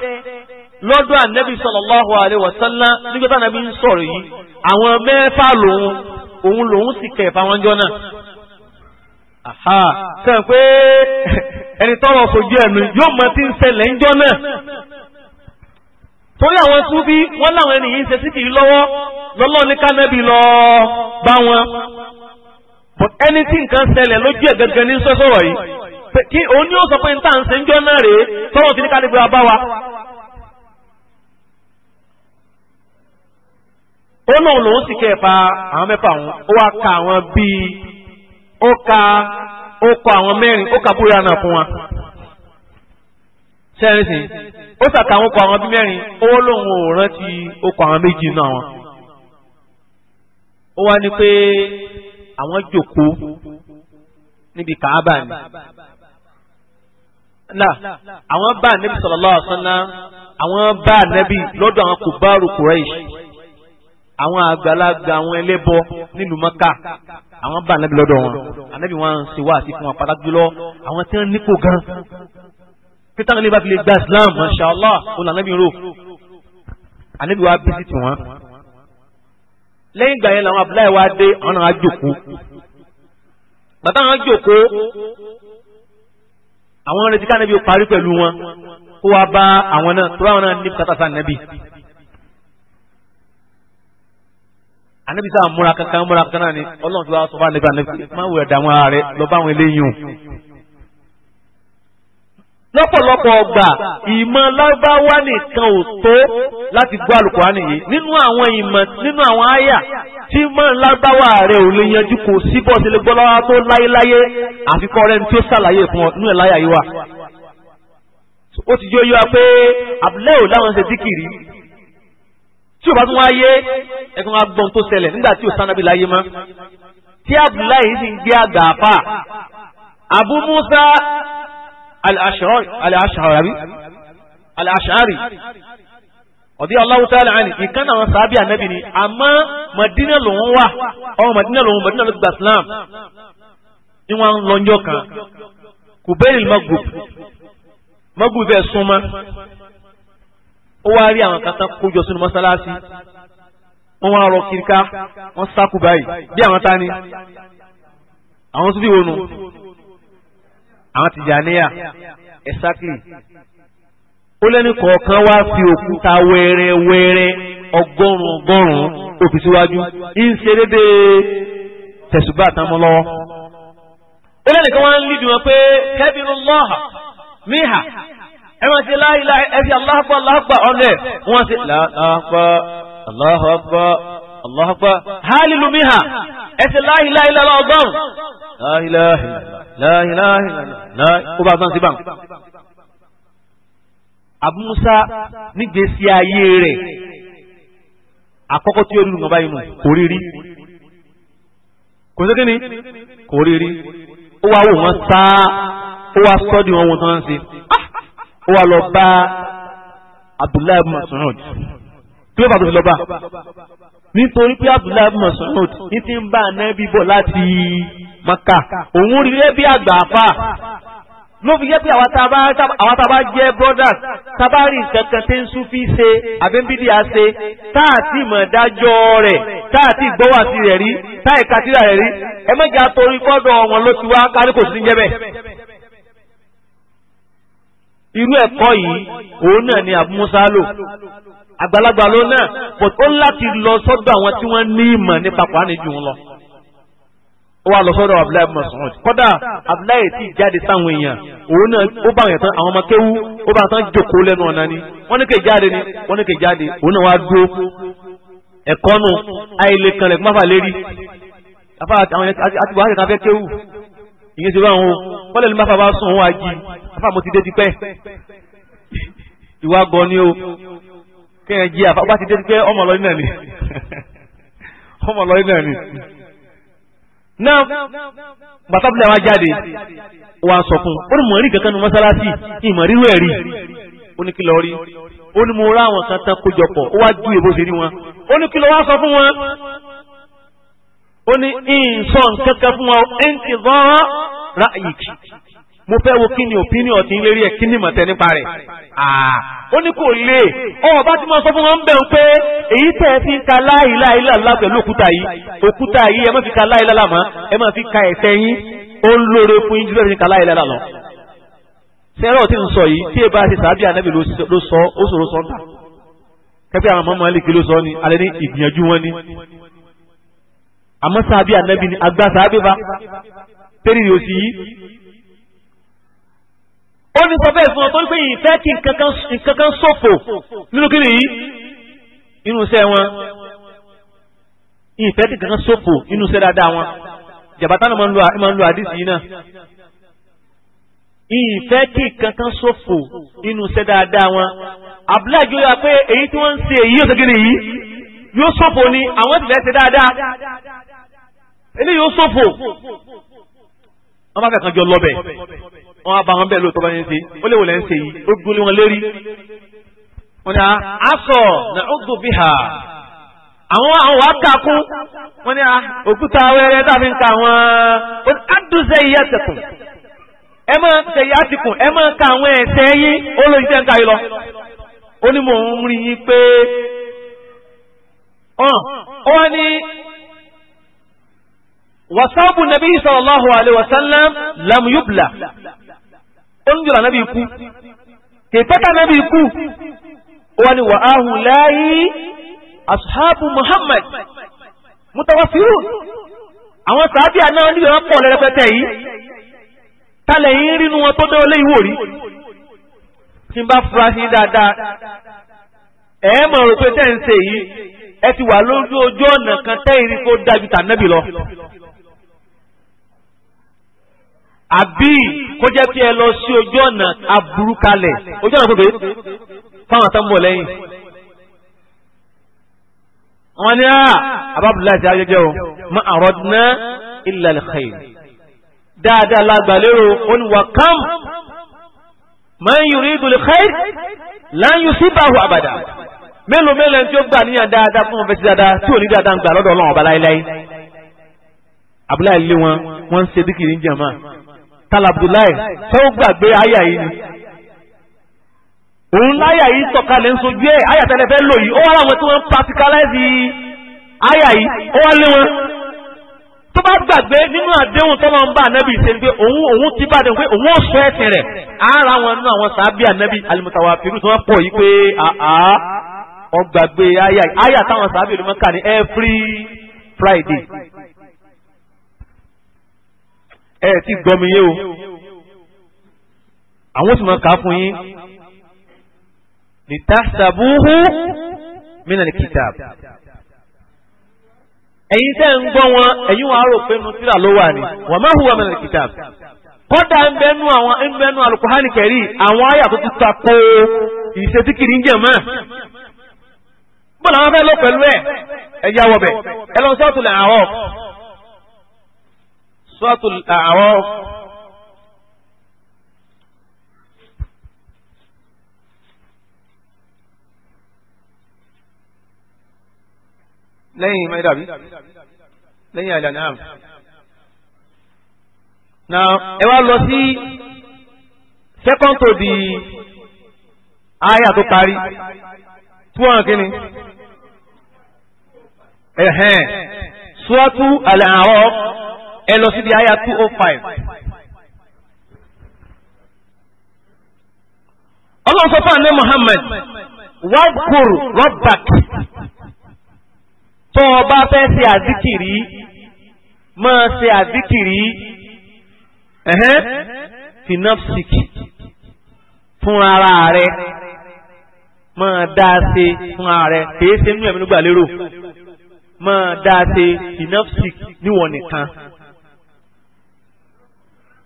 lọ́dọ̀ ànábì sallallahu alaihi wasallam nígbà tí ànábì ń sọ̀rọ̀ yìí àwọn mẹ́fà lòun òun lòun sì kẹ̀ fáwọn jọ náà. Àhà sẹ́yìn pé ẹni tọ́rọ fojú ẹ̀nu yóò mọ tí ń ṣẹlẹ̀ ń jọ náà. Torí àwọn súbí wọ́n láwọn ẹni yìí ń ṣe síkìrì lọ́wọ́ lọ́lọ́ ní kánábì lọ bá wọn. But ẹni tí nǹkan ṣẹlẹ̀ lójú ẹ̀ gẹ́gẹ́ ní sọ́sọ́rọ̀ yìí. Kí òun ni ó sọ pé ní tá ń ṣe ń jọ náà rèé tọ́wọ́ fi ní kánábì wa bá wa. o lóun lòun sì kẹfà àwọn mẹ́fà òun ó wá ka àwọn bíi ó ka ó kọ àwọn mẹ́rin ó ka búra náà fún wa o sìn ó sàkà àwọn kọ àwọn bíi mẹ́rin ó lóun ò rántí ó kọ àwọn méjì náà wọn ó wá ní pé àwọn jókòó níbi kàábà ni náà àwọn bá nẹ́bí sallallahu alaihi wasallam àwọn bá nẹ́bí lọ́dọ̀ àwọn kò bá rò àwọn àgbàlagbà àwọn ẹlẹ́bọ nílùú mọ́kà àwọn bá ànábì lọ́dọ̀ wọn ànábì wọn ṣe wá àti fún wọn pàtàkì jùlọ àwọn tí wọ́n nípò gan pété àwọn ẹlẹ́bàá fi gba islam masha allah òun ànábì rò wa bisi sí tì wọ́n lẹ́yìn ìgbà yẹn làwọn abúláyé wa dé àwọn náà jòkó bàtà àwọn jòkó àwọn retí ká ànábì parí pẹ̀lú wọn kó wa bá àwọn náà tó àwọn náà ní kátàsá ànábì. anabi sáà múra kankan múra kankan náà ni ọlọ́run ti wá sọ fún anabi anabi máa wẹ̀ dààmú ara rẹ lọ bá àwọn eléyìí o. lọ́pọ̀lọpọ̀ ọgbà ìmọ̀ lábáwá nìkan ò tó láti gbọ́ àlùkùránì yìí nínú àwọn ìmọ̀ nínú àwọn àyà tí mọ̀ lábáwá rẹ ò lè yanjú kò sí bọ́ sílé gbọ́láwá tó láyéláyé àfikọ́ rẹ ní tí ó fún ọ nínú ẹ̀ láyà yìí wà. ó ti yóò yọ pé àbúlẹ̀ ò láwọn ṣe díkìrì tí o bá tún wá yé ẹ̀kan wá gbọ́n tó ṣẹlẹ̀ nígbà tí o sanabi láyé mọ́ tí abdullahi sì ń gbé àgbà àfà abu musa al-ashari al-ashari ọ̀dí Allahu ta'ala àní ìkànnì àwọn sàábì ànábì ni àmọ́ Madina lòun wà ọmọ Madina lòun Madina ló gba Islam ni wọ́n ń lọ́njọ́ kan kùbẹ́ẹ̀lì magbub magbub bẹ́ẹ̀ súnmọ́ ó wá rí àwọn kan tán kójọ sínú mọ́sálásí wọ́n wá rọ kíríká wọ́n sákù báyìí bí àwọn ta ni àwọn tún fi wọnú àwọn Tìjàníyà exactly ó lẹ́ni kọ̀ọ̀kan wá fi òkúta wẹ́rẹ́ wẹ́rẹ́ ọgọ́rùn ọgọ́rùn òfin síwájú ń ṣe déédéé lọ́wọ́ ó lẹ́ni kan wá ń lídìí wọn pé kẹ́bìrún lọ́hà míhà ẹ máa ṣe láìláì ẹ fi Allahu Akbar Allahu Akbar ọ̀nẹ́ wọ́n ṣe láàpá Allahu Akbar Allahu Akbar hálìlú miha ẹ ṣe láìláì lọ́la ọgbọ́n láìláì láìláì láì ó bá gbọ́n sí bàm. Abu Musa nígbèsí ayé rẹ̀ àkọ́kọ́ tí ó rí nǹkan báyìí nù kò rí rí kò sí kíni kò rí rí ó wá wò wọ́n sá ó wá sọ́ọ́dì wọn wọ́n tán ṣe ó wá lọ bá abdullahi masoud kí ló bá tó fi lọ bá nítorí pé abdullahi masoud ní ti ń bá anábì bọ̀ láti maka òun rí rẹ́ bí àgbà àfà ló fi jẹ́ pé àwa tá a bá jẹ́ brothers tá a bá rí nǹkan kan tí ń súnfí ṣe àbẹ́bídì á ṣe tá a ti mọ̀ dájọ́ rẹ̀ tá a ti gbọ́wọ́ àti rẹ̀ rí tá a ìka síra rẹ̀ rí ẹ mẹ́jà torí kọ́dọ̀ wọn ló ti wá kárí kò sí ní jẹ́ bẹ́ẹ̀ irú ẹ̀kọ́ yìí òun náà ni Abu Musa lò àgbàlagbà ló náà but ó láti lọ sọ́dọ̀ àwọn tí wọ́n ní ìmọ̀ nípa Kùránì jù wọn lọ ó wà lọ sọ́dọ̀ Abdullahi Mas'ud kódà Abdullahi ti jáde sáwọn èèyàn òun náà ó bá àwọn àwọn ọmọ kéwú ó bá tán jòkó lẹ́nu ọ̀nà ni wọ́n ní kè jáde ni wọ́n ní kè jáde òun náà wá dúró ẹ̀kọ́ nù àìlè kanlẹ̀ kó má fà lérí àti wàhálà kan fẹ́ kéwú ìyẹn ti báwọn wọ́n lẹ́nu máfa bá sùn wọ́n á jí afa mo ti dé tipẹ́ ìwà gan ni o kẹ́hìn jí afa bá ti dé tipẹ́ ọmọ lọ́yìn náà ni ọmọ lọ́yìn náà ni. náà bàtàbílì àwọn ajáde wà sọkún ó ní mọ̀ rí kankan nu mọ́sálásí ìmọ̀ rírú ẹ̀ rí ó ní kí lọ rí ó ní mo rá àwọn kan tán kójọpọ̀ ó wá ju èbó sí ní wọn ó ní kí lọ wá sọ fún wọn ó ní ìǹsọ̀ kankan fún wa ẹ̀ǹtì zọ́ọ́ ráàyìkì mo fẹ́ wo kí ni opinion ti ń lérí ẹ̀ kí ni mọ̀tẹ́ nípa rẹ̀ ó ní kò lè ọba tí mo sọ fún wọn bẹ̀ ń pé èyí tẹ̀ fi ń ka láìláìlá ńlá pẹ̀lú òkúta yìí òkúta yìí ẹ má fi ka láìláìlá mọ́ ẹ má fi ka ẹ̀ṣẹ̀ yín ó ń lóore fún yín jù fi ka láìláìlá lọ. sẹ́rọ̀ tí ń sọ yìí tí èbá ti sàbí ànábì ló sọ ó sòro sọ́ńtà kẹ́fẹ́ àwọn ọmọ mọ́lẹ́kì ni alẹ́ ní ìgbìyànjú àmọ́ sábì ànábì ni àgbà sábì fa tẹ́rìrì òsì yìí. ó ní sọ bẹ́ẹ̀ fún ọ torí pé ìfẹ́ kí nǹkan kan ṣòfò nínú kí nìyí inú iṣẹ́ wọn ìfẹ́ kí nǹkan kan ṣòfò inú iṣẹ́ dáadáa wọn jàbátá náà máa ń lo àdìsí yìí náà ìfẹ́ kí kankan ṣòfò nínú iṣẹ́ dáadáa wọn abúlájò yà pé èyí tí wọ́n ń ṣe èyí yóò ṣẹ́gi ni àwọn ti fẹ́ ṣe dáadáa eléyìí ó sòfò wọn bá kàkànjọ lọbẹ wọn bá wọn bẹ́ẹ̀ lóòótọ́ bá yẹn ṣe ó léwu lẹ́ ń ó gbólé wọn lérí wọn ni aṣọ na ó dùn bí ha àwọn àwọn wàá kàkú wọn ni òkúta wẹrẹ dàbí nǹkan àwọn adùnṣe yìí ẹsẹkùn ẹ máa ṣe yìí àtìkùn ẹ máa ka àwọn ẹsẹ yín ó lóyún tẹ́ ń yìí lọ ó ní mò ń rí yín pé ó wá ní wasabu nabi sallallahu alaihi wasallam lam yubla onjura nabi ku tepata nabi ku wani wa ahulahi ashabu muhammad mutawaffirun àwọn sahabi ana wọ́n níbi wọ́n pọ̀ lẹ́rẹ̀pẹ̀tẹ̀ yìí talẹ̀ yìí rínú wọn tó dé olé ìwò rí tí n bá fura sí dáadáa ẹ mọ̀ rò pé tẹ́ ń ṣe yìí ẹ ti wà lójú ojú ọ̀nà kan tẹ́ ìrìn kó dájú tà nábì àbí kó jẹ́ pé ẹ lọ sí ojú ọ̀nà aburú kalẹ̀ ojú ọ̀nà pépé fáwọn tó ń bọ̀ lẹ́yìn. wọn ní àbábùláì ah, ti ajẹjẹ o ma àròdúná illa al-khayr dáadáa lágbàlérò oníwàkàm man yuridu al-khayr lan yusibahu abada mélòó mélòó tí ó gbà níyàn dáadáa fún ọ̀fẹ́ sí dáadáa tí ò ní dáadáa ń gbà lọ́dọ̀ ọlọ́run ọba láéláé abúláì lé wọn wọn ń ṣe díkìrì ń jẹ̀mọ́ talabdulayi fẹ́ẹ́ gbàgbé àyà yìí ni òun láyà yìí sọ̀kalẹ̀ ń sojú ẹ̀ àyà tẹ́lẹ̀ fẹ́ lò yìí ó wà láwọn tí wọ́n ń practicalize àyà yìí ó wà lé wọn tó bá gbàgbé nínú àdéhùn tó máa ń bá ànábì ṣe ni pé òun òun ti bá àdéhùn pé òun ò sọ ẹ̀sìn rẹ̀ ara wọn nínú àwọn sàábì ànábì alimutawa firu tí wọ́n pọ̀ yìí pé àá ọgbàgbé àyà àyà táwọn sàábì ló máa ń kà every Friday ẹ ti gbọ́ yé o àwọn sì máa kà á fún yín nìtàṣàbùhù mìíràn kìtàb ẹ̀yin tẹ́ ń gbọ́ wọn ẹ̀yin wàá rò pé nu ló wà ní wà má hùwà mìíràn kìtàb kọ́dà ń bẹnu àwọn ń bẹnu alukóhánì kẹrí àwọn àyà tó ti tako ìṣètìkìrì ń mọ́ bọ́lá wọn fẹ́ lọ pẹ̀lú ẹ̀ ẹ̀yà wọ̀bẹ̀ ẹ lọ sọ́ọ̀tù lẹ́ àwọn. Suratul A'raf lẹ́yìn mẹ́dàbí lẹ́yìn àlànà na ẹ wá lọ sí second to the aya tó parí two hundred kìíní ẹ̀hẹ́n Suratu Al-A'raf ẹ lọ síbi àyà two oh five. ọlọ́run sọ fún àná Muhammad wàkùr rọ́bàk tó o bá fẹ́ ṣe àzíkìrì máa ṣe àzíkìrì finapsic fún ara rẹ máa dá a ṣe fún ara rẹ kèé ṣe nínú ẹ̀mí nígbà lérò máa dá ṣe finapsic níwọ̀n nìkan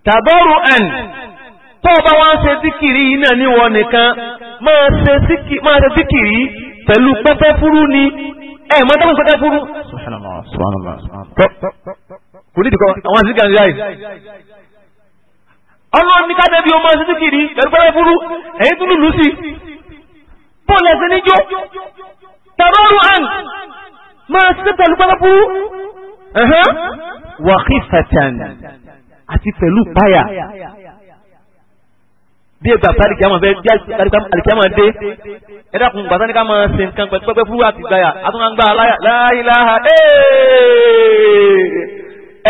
tàbọ̀rù àn tó bá wá ń ṣe síkìrí iná níwọ̀ nìkan máa ṣe síkìrí pẹ̀lú pẹ́pẹ́ fúrú ni ẹ mọ́ dábò pẹ́pẹ́ fúrú. kò ní ìdíkọ́ àwọn àti gàdúrà yìí. ọlọ́run ní káde bí o máa ṣe síkìrí pẹ̀lú pẹ́pẹ́ fúrú ẹ̀yìn tó lùlù sí. bọ́ọ̀lù ẹ̀sẹ̀ níjó tàbọ̀rù àn máa ṣe pẹ̀lú pẹ́pẹ́ fúrú. wàhífàtàn àti pẹ̀lú páyà bí ẹgbà àtàlìkí àmọ̀ fẹ́ bí àtàlìkí àmọ̀ dé ẹ dákun gbàtà ní ká máa ṣe nǹkan pẹ́pẹ́ fún àti gbàyà àtúnwáńgbà láìláha e.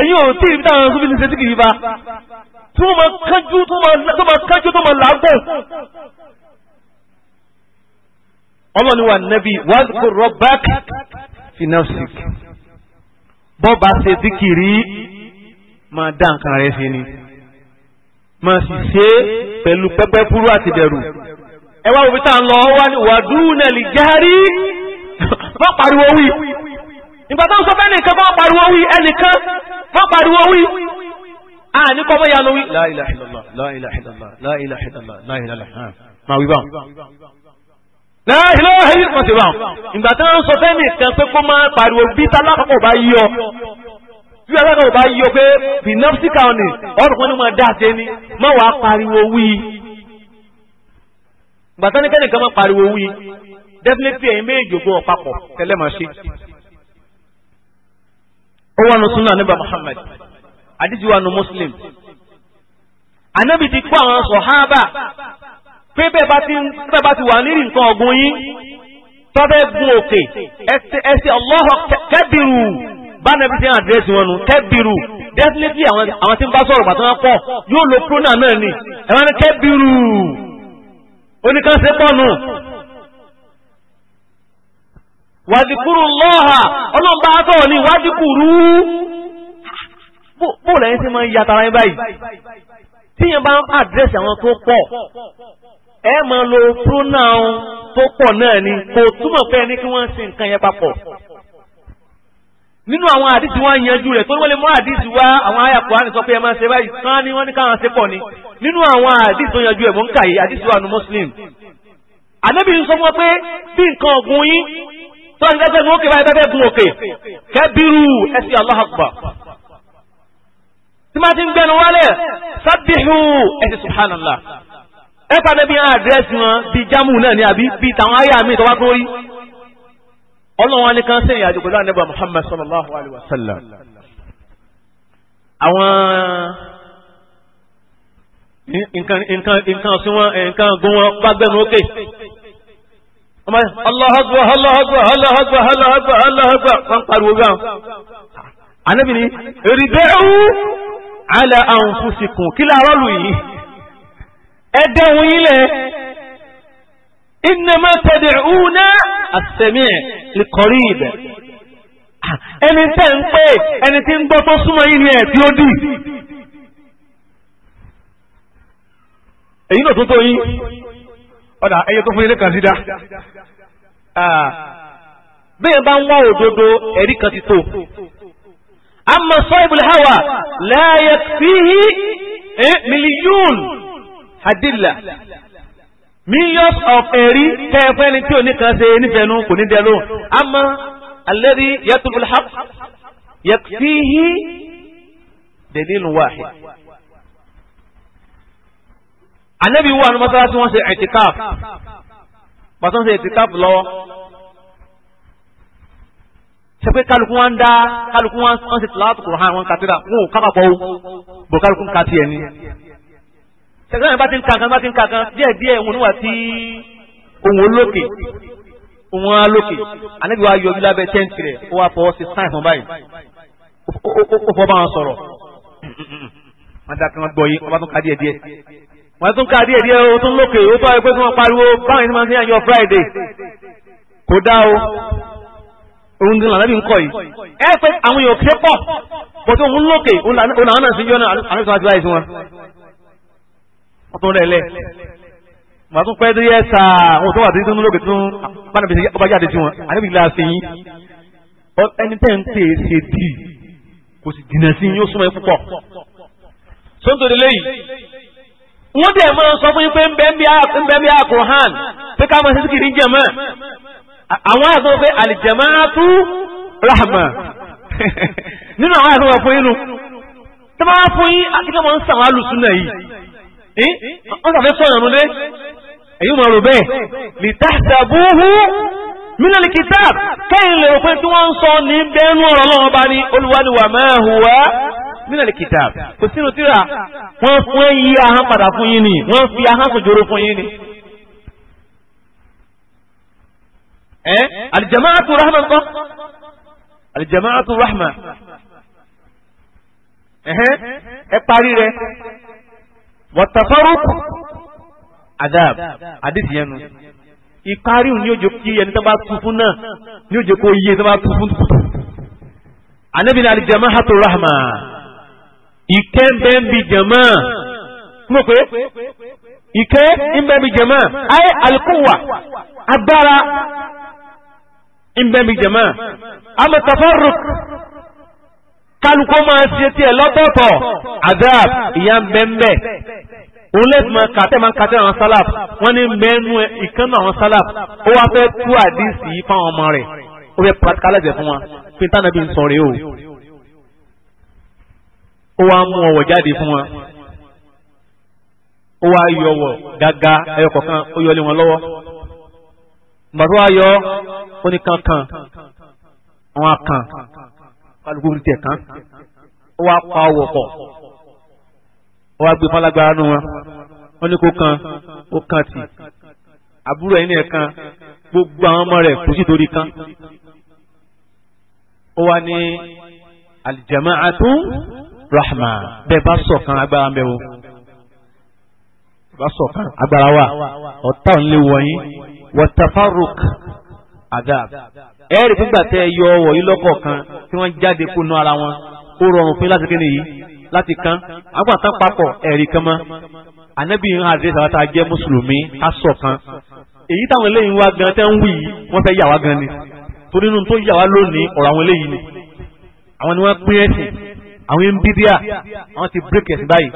ẹ̀yin ò tí ìbí táwọn súnmí ní ṣe tí kìí bá tí wọ́n máa kánjú tó máa kánjú tó máa làágùn. ọlọ́ni wa nẹ́bí wàásù rọ́bàkì fi nafsik bọ́ba ṣe díkìrì máa dá nǹkan rẹ̀ sí ni máa sì ṣe é pẹ̀lú pẹ́pẹ́ púrú àti dẹ̀rù ẹ wá òbí tá à ń lọ wá ní wàdúùnà lè járí má pariwo wí ìgbà tó ń sọ fẹ́ẹ́ nìkan má pariwo wí ẹnìkan má pariwo wí a ní kọ́ bóyá ló wí. la ilaha illallah la ilaha illallah la ilaha illallah la ilaha illallah máa wí báwọn. la ilaha illallah máa ti báwọn. ìgbà tó ń sọ fẹ́ẹ́ nìkan pé kó má pariwo bí tálákọ̀ọ́ bá yí ọ bí ọ̀rẹ́ náà bá yọ pé pinopsica ni ọ̀rùn kan ní mọ̀ dá ṣe ni mọ̀ wá pariwo wí. gbàtà ní kẹ́nìkan mọ̀ pariwo wí definitely ẹ̀yin méjì ògbó ọ̀pápọ̀ tẹ́lẹ̀ máa ṣe. ó wà nù sunnah níbà Muhammad àdìsí wà nù Muslim. ànábì ti kó àwọn sọ̀hábà pé bẹ́ẹ̀ bá ti wà nírì nǹkan ọ̀gbun yín tọ́bẹ̀ gun òkè ẹsẹ̀ ọlọ́họ̀ kẹ́bìrù bánàbí ti ń àdírẹ́sì wọn nù kẹ́bìrù definitely àwọn tí ń bá sọ̀rọ̀ pàtó wọn pọ̀ yóò lo pronoun náà ni ẹ̀wọ̀n ni kẹ́bìrù oníkanṣe pọ̀ nù. wàdìkúrú lọ́ọ̀hà ọlọ́mbà sọ̀rọ̀ ni wàdìkúrú bó lẹ́yìn tí máa ń ya tara yín báyìí tíyẹn bá ń àdírẹ́sì àwọn tó pọ̀ ẹ máa lo pronoun tó pọ̀ náà ni kò túmọ̀ pé ẹni kí wọ́n ń sin nǹkan yẹn papọ̀ nínú àwọn àdìsí wọn yanjú rẹ̀ tó ní wọ́n lè mú àdìsí wá àwọn àyà Kùránì sọ pé ẹ máa ṣe báyìí kán ní wọ́n ní káwọn ṣe pọ̀ ni nínú àwọn àdìsí tó yanjú ẹ̀ mọ́ ń kà yìí àdìsí wa nu Muslim. ànábì ń sọ fún wa pé bí nǹkan ọ̀gùn yín tó ń gbẹ́sẹ̀ gun òkè báyìí bẹ́ẹ̀ gun òkè kẹ́bírù ẹ̀sìn Allahu tí máa ti ń gbẹnu wálẹ̀ sábìhù ẹ̀sìn subhanallah. ẹ ọlọ́run wa ní kan sẹ́yìn àjò pẹ̀lú ànábà muhammad sallallahu alayhi wa sallam àwọn nǹkan nǹkan sí wọn nǹkan gún wọn bá gbẹnu ókè Allahu akbar Allahu akbar Allahu akbar Allahu akbar Allahu akbar wọn pariwo gan anabi ni rideu ala anfusikum kí làárọ̀ lù yìí ẹ dẹ́hun yín lẹ̀ innama tad'una àsẹ̀mí lè kọrí ibẹ̀. Ah, ẹni tẹ́ ń pè ẹni tí ń gbọ́ tó súnmọ́ yìí ni ẹ̀ tí ó dì. èyí náà tó tó yín ọ̀dà ẹyẹ tó fún yín lẹ́kàn sí dá. Ah, bẹ́ẹ̀ bá ń wá òdodo ẹ̀rí kan ti tó. àmọ́ sọ́ọ̀bùl hawa la yakfihi eh, mílíọ̀nù àdìlà millions of ẹ̀rí kẹfẹ́ ni tí ò ní kan ṣe nífẹ̀ẹ́nu kò ní dẹ́nu àmọ́ alẹ́rí yẹtùbùl haq yẹtìhí dẹ̀lílù wáhì. Ànábì wà ní mọ́sálásí wọ́n ṣe ẹ̀tìkáf pàtó ń ṣe ẹ̀tìkáf lọ́wọ́ ṣe pé kálukú wọn dá kálukú wọn ṣe tìlátù kùrán wọn kàtírà wọn ò kápapọ̀ o bò kálukú ń kàtí ẹni ṣẹ̀gbọ́n bá ti ń kankan bá ti ń kankan díẹ̀ díẹ̀ òun níwà tí òun olókè òun alókè ànábì wa yọjú lábẹ́ tẹ́ǹtì rẹ̀ ó wá fọwọ́ sí sáìn fún báyìí ó fọ́ bá wọn sọ̀rọ̀ wọn dá kan gbọ́ yìí wọn bá tún ka díẹ̀ díẹ̀ wọn tún ka díẹ̀ díẹ̀ ó tún lókè ó tọ́ ẹ pé kí wọ́n pariwo báwọn ẹni máa ń fi Friday kò dá o òun ni lànàbí ń kọ yìí ẹ pé àwọn èèyàn kéré pọ̀ bọ́tọ̀ òun lókè òun làwọn náà sí yọ náà àlùfáà wọ́n tún lẹ́lẹ̀ màá tún pẹ́ tó yẹ ta àwọn tó wà tó ń lókè tó ń bá nàbẹ̀sẹ̀ ọba jáde sí wọn àníbi ìlà ṣe yín ẹni tẹ́ ń tè ṣe tì kò sì dìnà sí yín ó súnmọ́ ẹ púpọ̀ sóńtòdè lẹ́yìn wọ́n dẹ̀ máa sọ fún yín pé nbẹ́ẹ̀mí àkùrán pé ká máa ṣe síkìrì ń jẹ̀mọ́ àwọn àgbọn pé àlìjẹ̀mọ́tú rahma nínú àwọn àgbọn fún yín nu tí wọ́n fún yín akíkọ́ máa ń sàwọn alùsùn náà yìí wọ́n sàfẹ́ sọ̀rọ̀ nulẹ̀ èyí máa rò bẹ́ẹ̀ lìtàṣàbùhù mílíọ̀nù kìtàb kẹ́yìn lè òpin tí wọ́n ń sọ ní bẹ́ẹ̀nu ọ̀rọ̀ lọ́wọ́ bá ní olùwádìwà máa hùwà mílíọ̀nù kìtàb kò sínú tíra wọ́n fún yí ahọ́n padà fún yín ni wọ́n fi ahọ́n sojoro fún yín ni. ẹ alijamaatu rahma ńkọ́ alijamaatu rahma ẹ parí rẹ wọ́tafaruk adab àdìsí yẹn nu ìparí ní ojú kí ẹni tó bá tu fún náà ní ojú kó yé tó bá tu fún tukutu anabi náà alijama hatu rahma ìkẹ́ bẹ́ẹ̀ bi jama mo pe ìkẹ́ bẹ́ẹ̀ bi jama ayé alikuwa agbára bẹ́ẹ̀ bi jama amatafaruk kálukó máa ṣe tiẹ̀ lọ́tọ̀ọ̀tọ̀ adab ìyá mbẹ́mbẹ́ òun lẹ́sìn máa kàtẹ́ máa kàtẹ́ àwọn sálàp wọ́n ní mẹ́nu ìkànnà àwọn sálàp ó wá fẹ́ tú àdìsí yìí fáwọn ọmọ rẹ̀ ó fẹ́ practicalize fún wa pé tánàbí ń sọ rèé o ó wá mú ọwọ́ jáde fún wa ó wá yọ ọwọ́ gàgà ẹyọ kọ̀ọ̀kan ó yọ lé wọn lọ́wọ́ màtó wá yọ ó ní kankan àwọn akàn kálukú rí tẹ̀ kán ó wá pa ọwọ́ pọ̀ wá gbé fálágbára nù wọn wọn ní kó kan ó kan tì àbúrò ẹni ẹ̀ kan gbogbo àwọn ọmọ rẹ̀ kò sí torí kan ó wá ní aljama'atu rahma bẹ́ẹ̀ bá ṣọ̀kan agbára ń bẹ wo bá ṣọ̀kan agbára wa ọ̀tá ń lé wọ̀nyí wọ́tafaruk adab ẹ̀rí gbígbà tẹ́ yọ ọwọ́ yìí lọ́kọ̀ọ̀kan tí wọ́n jáde kúnú ara wọn ó rọrùn fún láti kéde yìí láti kán àwọn àtàn papọ̀ ẹ̀rí kan mọ́ ànábì ń hàn àdéhùn àwọn tá a jẹ́ mùsùlùmí á sọ̀ kan èyí táwọn eléyìí wá gan tẹ́ ń wì yìí wọ́n fẹ́ yà wá gan ni torí inú tó yà wá lónìí ọ̀rọ̀ àwọn eléyìí ni àwọn ni wọ́n pín ẹ̀sìn àwọn ń bí díà àwọn ti break ẹ̀sìn báyìí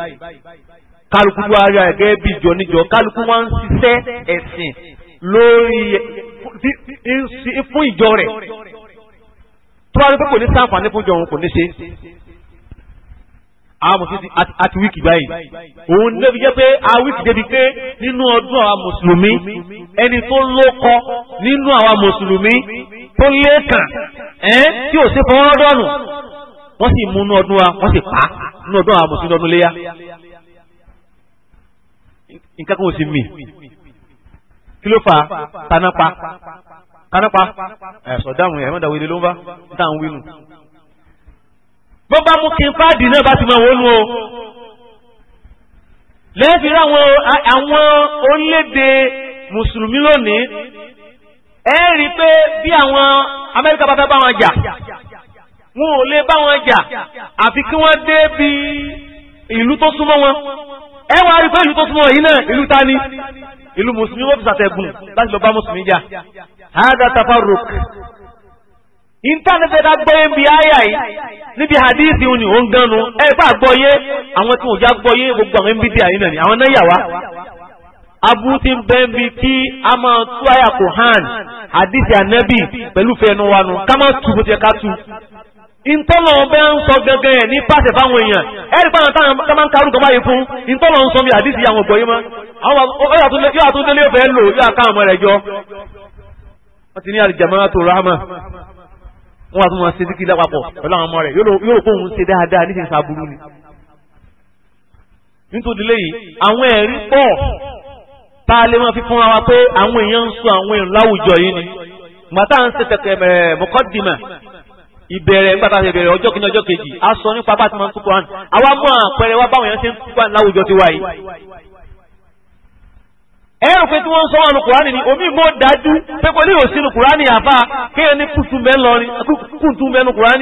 kálukú wá rí àgẹ́ bíjọ níjọ kálukú wá ń ṣiṣẹ́ ẹ̀sìn lórí ń fún ìjọ rẹ̀ tó bá rí pé kò ní sáǹfààní fún ìjọ òun kò ní ṣe àwọn mùsùlùmí àti wíìkì báyìí òun débi jẹ́ pé a wíìkì débi pé nínú ọdún àwa mùsùlùmí ẹni tó lókọ nínú àwa mùsùlùmí tó léèkàn ẹ́n tí ò sí fọwọ́rọ́ dọ́nù wọ́n sì mú inú ọdún wa wọ́n sì pa nínú ọdún àwa mùsùlùmí ọdún léyà nǹkan kan ò sì mì kí ló fà á tanapa tanapa ẹ̀sọ̀dáhùn ẹ̀ mọ́dàwé ilé ló ń bá níta ń wínú. bó bá mú kí n fáàdì náà bá ti mọ̀ wọ́n o lẹ́yìn fi ráwọn àwọn orílẹ̀-èdè mùsùlùmí lónìí ẹ rí i pé bí àwọn amẹ́ríkà bá fẹ́ bá wọn jà wọn ò lè bá wọn jà àfi kí wọ́n dé bí ìlú tó súnmọ́ wọn ẹ wá rí i pé ìlú tó súnmọ́ yìí náà ìlú ta ni ìlú mùsùlùmí wọ́n fi sàtẹ̀gùn láti lọ bá mùsùlùmí jà hada tafarruq intanẹtẹ gbọ́yé níbi àyà yìí níbi hadithi ni ó ń gánu ẹ bá gbọ́yé àwọn tí wọ́n já gbọ́yé gbogbo àwọn mbídí àyè náà ni àwọn náà yà wá abu ti ń bẹ́ bi kí a máa tú àyà Qur'an hadithi anabi pẹ̀lú fẹ́ẹ́nu wa nu ká máa tu bó ti ká tu ìntọ́nà ọbẹ̀ ń sọ gẹ́gẹ́ ẹ̀ ní pàṣẹ fáwọn èèyàn ẹ̀rí pàṣẹ táwọn ọmọ ń karùn kọmá ikú ìntọ́nà ń sọ bí àdìsí àwọn ọgbọ̀ yìí mọ́ yóò àtúndélé ọ̀fẹ́ lò yóò àká àwọn rẹ̀ jọ wọ́n ti ní àlìjàmọ́ tó ráhámà wọ́n wá tún wọn ṣe síkì lápapọ̀ pẹ̀lú àwọn ọmọ rẹ̀ yóò kó òun ṣe dáadáa níṣẹ́ ìṣàbùrú ni nítorílé yìí àwọn ẹ̀rí pọ̀ tá a lè máa fi fún wa pé àwọn èèyàn ń sọ àwọn èèyàn láwùjọ yìí ni gbàtà ń ṣe tẹ̀tẹ̀ mọ̀kọ́dìmọ̀ ìbẹ̀rẹ̀ nígbà tá a ṣe bẹ̀rẹ̀ ọjọ́ kìíní ọjọ́ kejì a sọ nípa bá ti máa ń tú Quran àwa mọ àpẹẹrẹ wa báwọn yẹn ṣe ń tú Quran láwùjọ ti wáyé. ẹ rò pé tí wọ́n ń sọ ọ̀nù Quran ni omi mọ́ dájú pé kò ní òsínú Quran àfa kéèyàn ní kùtù mẹ́lọrin kùtù mẹ́nu Quran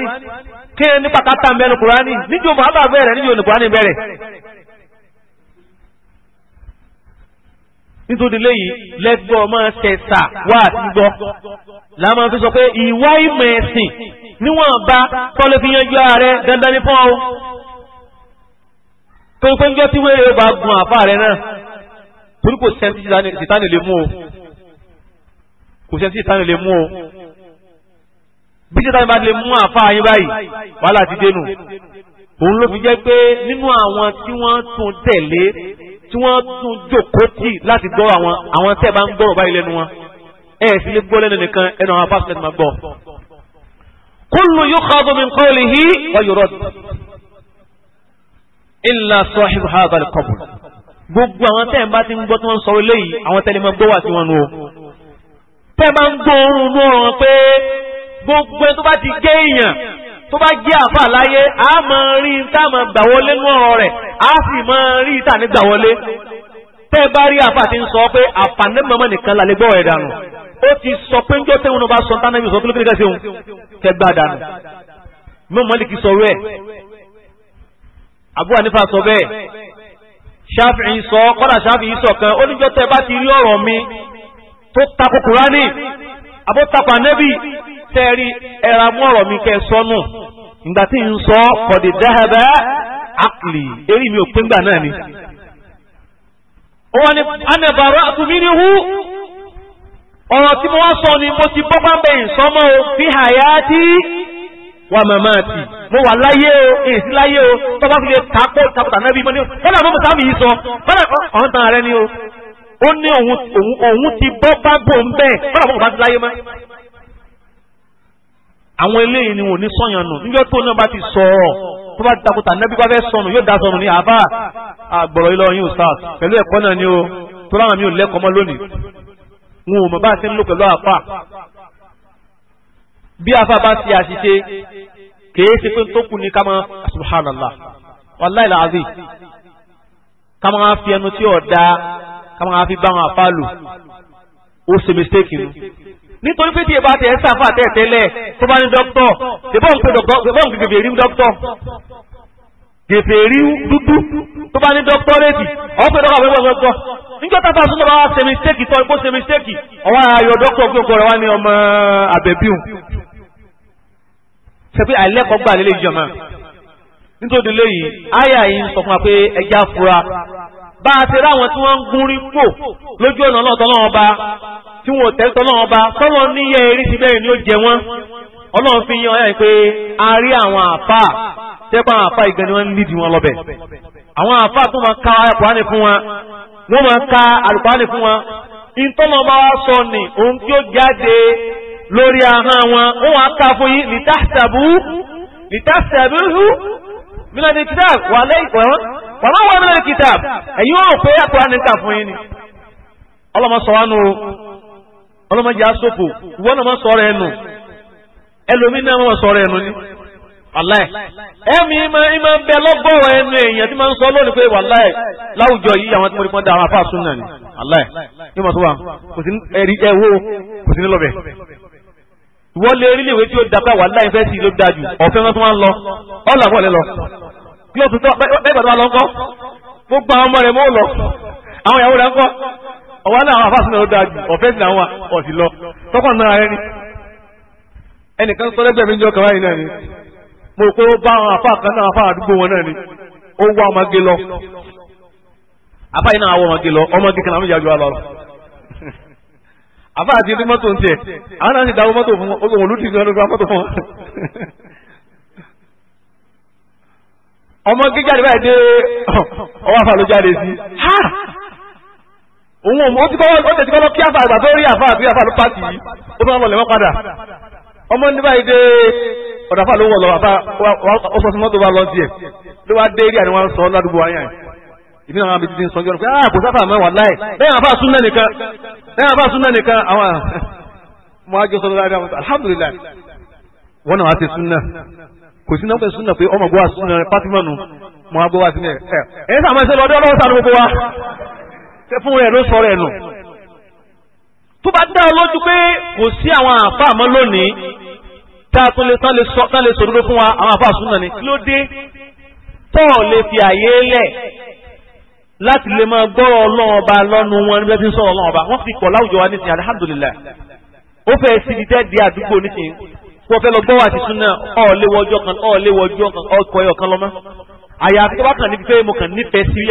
kéèyàn ní pàkátà mẹ́nu Quran níjó mọ́ àbá bẹ̀rẹ̀ níjó ní Quran bẹ̀rẹ̀. nítorí léyìí lẹ́gbọ́n máa ṣẹ̀ṣà wá àtijọ́ làwọn máa fi sọ pé ìwá ìmọ̀ ẹ̀sìn níwọ̀n bá kọ́lé fi yanjú ààrẹ dandan ní fún ọ torí pé ń jọ́ tí wéèrè ó bá gun àfa rẹ náà torí kò sẹ́ńtì sìtánì lè mú o kò sẹ́ńtì sìtánì lè mú o bí sìtánì bá lè mú àfa yín báyìí wàhálà ti dénú òun ló fi jẹ́ pé nínú àwọn tí wọ́n tún tẹ̀lé tí wọ́n tún jókòó tì láti gbọ́ àwọn àwọn tẹ́ bá ń gbọ́rọ̀ báyìí lẹ́nu wọn ẹ̀ sì lè gbọ́ lẹ́nu nìkan ẹnu àwọn apá sílẹ̀ tó máa gbọ́. كل yukhadhu من قوله wa إلا صاحب هذا hadha al-qabr gbogbo àwọn tẹ́ ẹ̀ bá ti ń gbọ́ tí wọ́n ń sọ eléyìí àwọn tẹ́lẹ̀ máa gbọ́ wà sí wọn nù o tẹ́ ẹ bá ń gbọ́ oorun nù ọ̀ràn pé gbogbo ẹni tó bá ti gé èèyàn tó bá jẹ́ àfà láyé a máa rí tá máa gbà wọlé nú ọ̀rọ̀ rẹ̀ a sì máa rí tá ní gbà wọlé tẹ́ ẹ bá rí àfà ti ń sọ pé àfààní mọ́mọ́ nìkan lálẹ́ gbọ́ ẹ̀ dànù ó ti sọ pé ń jọ́ tẹ́wọ́n náà bá sọ tán náà yóò sọ kí ló kẹsẹ̀ òun kẹgbẹ́ àdánù mọ́ mọ́lìkì sọ rẹ̀ Abu Hanifa sọ bẹ́ẹ̀ Ṣáfi'í sọ kọ́dà Ṣáfi'í sọ kan ó níjọ́ tẹ́ bá ti rí ọ̀rọ̀ mi tó takò Kùránì abótakò Ànábì tẹ́ rí ẹ̀ra mú ọ̀rọ̀ mi kẹ́ sọ́nù ìgbà tí ń sọ kọ̀dé dáhàbẹ́ àkìlì eré mi ò pé ńgbà náà ni. ó wà ní anàbàrọ̀ àtúmí ni hu ọ̀rọ̀ tí mo wá sọ ni mo ti bọ́bá bẹ́ẹ̀ sọ́mọ́ o fi àyà tí wà màmá tì mo wà láyé o èyí sí láyé o tó bá fi lè tàpọ̀ tàpọ̀tà náà bí mo ní o kọ́lá mọ́mọ́ sáàmì yìí sọ kọ́lá ọ̀hún tan ààrẹ ni o ó ní òun ti bọ́bá bò ń bẹ́ẹ̀ kọ́lá mọ́mọ́ bá ti láyé mọ́. àwọn eléyìí ni wọn ò ní sọyàn nù níjọ́ tó náà bá ti sọ ọ tó bá ti takùtà náà bí bá fẹ́ sọnù yóò dá sọnù ní àbá àgbọ̀rọ̀ Ìlọrin yóò sá pẹ̀lú ẹ̀kọ́ náà ni o tó láwọn mi ò lẹ́kọ̀ọ́ mọ́ lónìí wọn ò mọ̀ bá a ṣe ń lò pẹ̀lú àfà bí àfà bá ṣe àṣìṣe kèé ṣe pé tó ní ká máa subhanallah wàláì làásì ká máa fi ẹnu tí ò dáa ká máa fi bá wọn àfà lò ó ṣe mistake nu nítorí pé tí ìbá tẹ ẹ sáfà tẹ tẹ́lẹ̀ tó bá ní dókítọ ìbọn pé ìbọn pé gbèbè ríu dókítọ gbèbè ríu dúdú tó bá ní dókítọ rèétì ọ pé dókítọ pé gbọgbọgbọ níjọ́ tàbá súnmọ́ bá wá ṣe mistake tọ́ ipò ṣe mistake ọwọ́ ayọ̀ dọ́kítọ̀ gbogbo rẹ̀ wá ní ọmọ àbẹ̀bíùn ṣe pé àìlẹ́kọ̀ọ́ gbà lélẹ́ ìjọba nítorí léyìí àyà yìí ń sọ fún wa pé ẹja fura bá a ti ráwọn tí wọ́n ń gún rí pò lójú ọ̀nà ọlọ́ọ̀tọ́ náà ọba tí wọn ò tẹ́tọ́ náà ọba tọ́lọ́ níyẹ eré ti bẹ́ẹ̀ ni ó jẹ wọ́n ọlọ́run fi yan ọ̀yà yìí pé a rí àwọn àfà tẹ́pọ̀ àwọn àfà ìgbẹ́ni wọ́n ń nídìí wọn lọ́bẹ̀ àwọn àfáà tó máa ka alùpàánì fún wọn wọ́n máa ka alùpàánì fún wọn ìtọ́nà bá wá sọ ni òun tí ó jáde lórí ahọ́n wọn wọ́n wá ká fún yín nìtàṣàbù nìtàṣàbù mílíọ̀nù kìtàb wà lẹ́yìn pẹ̀lú wàmọ́ wà mílíọ̀nù kìtàb ẹ̀yin wọn ò pé alùpàánì kà fún yín ni ọlọ́mọ sọ wá nù o ọlọ́mọ jẹ́ àsopọ̀ ìwọ́n náà mọ̀ sọ̀rọ̀ ẹnu ẹlòmínà mọ̀ sọ̀rọ̀ ẹnu ni wàláì ẹ̀mí ìmọ̀ bẹ lọ́gbọ̀rọ̀ ẹnu èèyàn tí máa ń sọ lónìí pé wàláì láwùjọ yìí àwọn tí mo rí pọ́n dá àwọn afáàsùn náà ni wàláì yóò máa tó wà kò sí ẹ̀rí ẹ̀wọ́ kò sí nílọ́bẹ̀. wọ́n lé orílẹ̀ èwe tí ó dapẹ́ wàláì fẹ́ sí ló dáa jù ọ̀fẹ́ wọn tó máa ń lọ ọ̀là wọlé lọ kí ló tún tọ́ bẹ́ẹ̀ bàtà lọ ńkọ́ gbogbo àwọn ọmọ rẹ̀ mọ́ lọ àwọn ìyàwó rẹ̀ ńkọ́ ọ̀wá náà àwọn afáàsùn náà ló dáa jù ọ̀fẹ́ sì làwọn ọ̀sìn lọ tọ́kàn náà rẹ̀ ni ẹnìkan sọ lẹ́gbẹ̀ẹ́ mi ń jọ kàwáyé náà ni mo kó bá àwọn afá kan náà afá àdúgbò wọn náà ni ó wá ọmọge lọ afá yìí náà wọ ọmọge lọ ọmọge kan àwọn ala wa lọ afá àti ẹni mọ́tò ń tiẹ̀ àwọn náà ti dáwọ́ mọ́tò fún wọn ó gbọ́n olùdíje gba mọ́tò fún wọn. ọmọge jáde báyìí dé ló jáde sí òun ò mọ ó ti kọ́ ọ́ lọ kí àgbà tó rí àti ló pàtì yìí ó padà. ọmọ ní báyìí dé ọ̀dàfà ló wọ̀ lọ bàbá ó sọ sí mọ́tò bá lọ díẹ̀ ló wá dé rí àni wọn sọ ládùúgbò ayàn ìbí náà bí ti ń sọjọ́ pé ah kò sáfà mẹ́wàá láì lẹ́yìn àfà súnà nìkan lẹ́yìn àfà súnà nìkan àwọn mọ́ àjọ sọ lọ́dọ̀ àwọn alhamdulilayi wọn náà wá ti súnà kò sí náà fẹ́ súnà pé ọmọ gbọ́wà súnà pátímọ̀nù mọ́ àgbọ́wà sílẹ̀ ẹ̀ ẹ̀ sàmọ́ ẹsẹ̀ lọ́dọ̀ ọlọ́wọ́ sàdó gbogbo tó bá dá ọ lójú pé kò sí àwọn àfà mọ́ lónìí tá a tún lè tán lè sọ tán lè sòdodo fún wa àwọn àfa àsúnà ni kí ló dé tọ́ lè fi àyè lẹ̀ láti lè máa gbọ́rọ̀ ọlọ́run ọba lọ́nu wọn níbi tí ń sọ̀rọ̀ ọlọ́run ọba wọ́n ti pọ̀ láwùjọ wa nísìnyí alihamudulilayi ó fẹ́ síbi tẹ́ di àdúgbò nísìnyí wọ́n fẹ́ lọ gbọ́ wà títún náà ọ̀ lé wọjọ́ kan ọ̀ lé wọjọ́ kan ọkọ̀ ẹ̀yọ̀ kan lọ́mọ́ àyàfi tó bá kàn níbi pé mo kàn nífẹ̀ẹ́ sí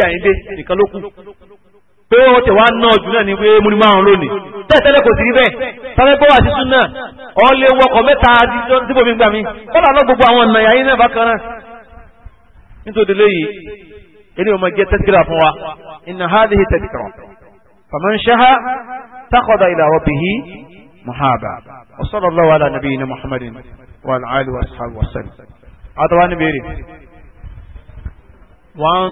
pé ó tẹ̀ wá náà jù náà ni pé múni márùn lónìí tẹ́tẹ́lẹ̀ kò sí rí bẹ́ẹ̀ sáré gbọ́ àti súnà ọ̀lẹ́ wọkọ̀ mẹ́ta síbò mi gbà mí kọ́lá náà gbogbo àwọn ọ̀nà ìyá yín náà bákan náà nítorí léyìí eré ọmọ jẹ́ tẹ́tìkìrà fún wa inna hadhihi tẹ́tìkìrà faman shaha takhadha ila rabbihi mahaba wa sallallahu wa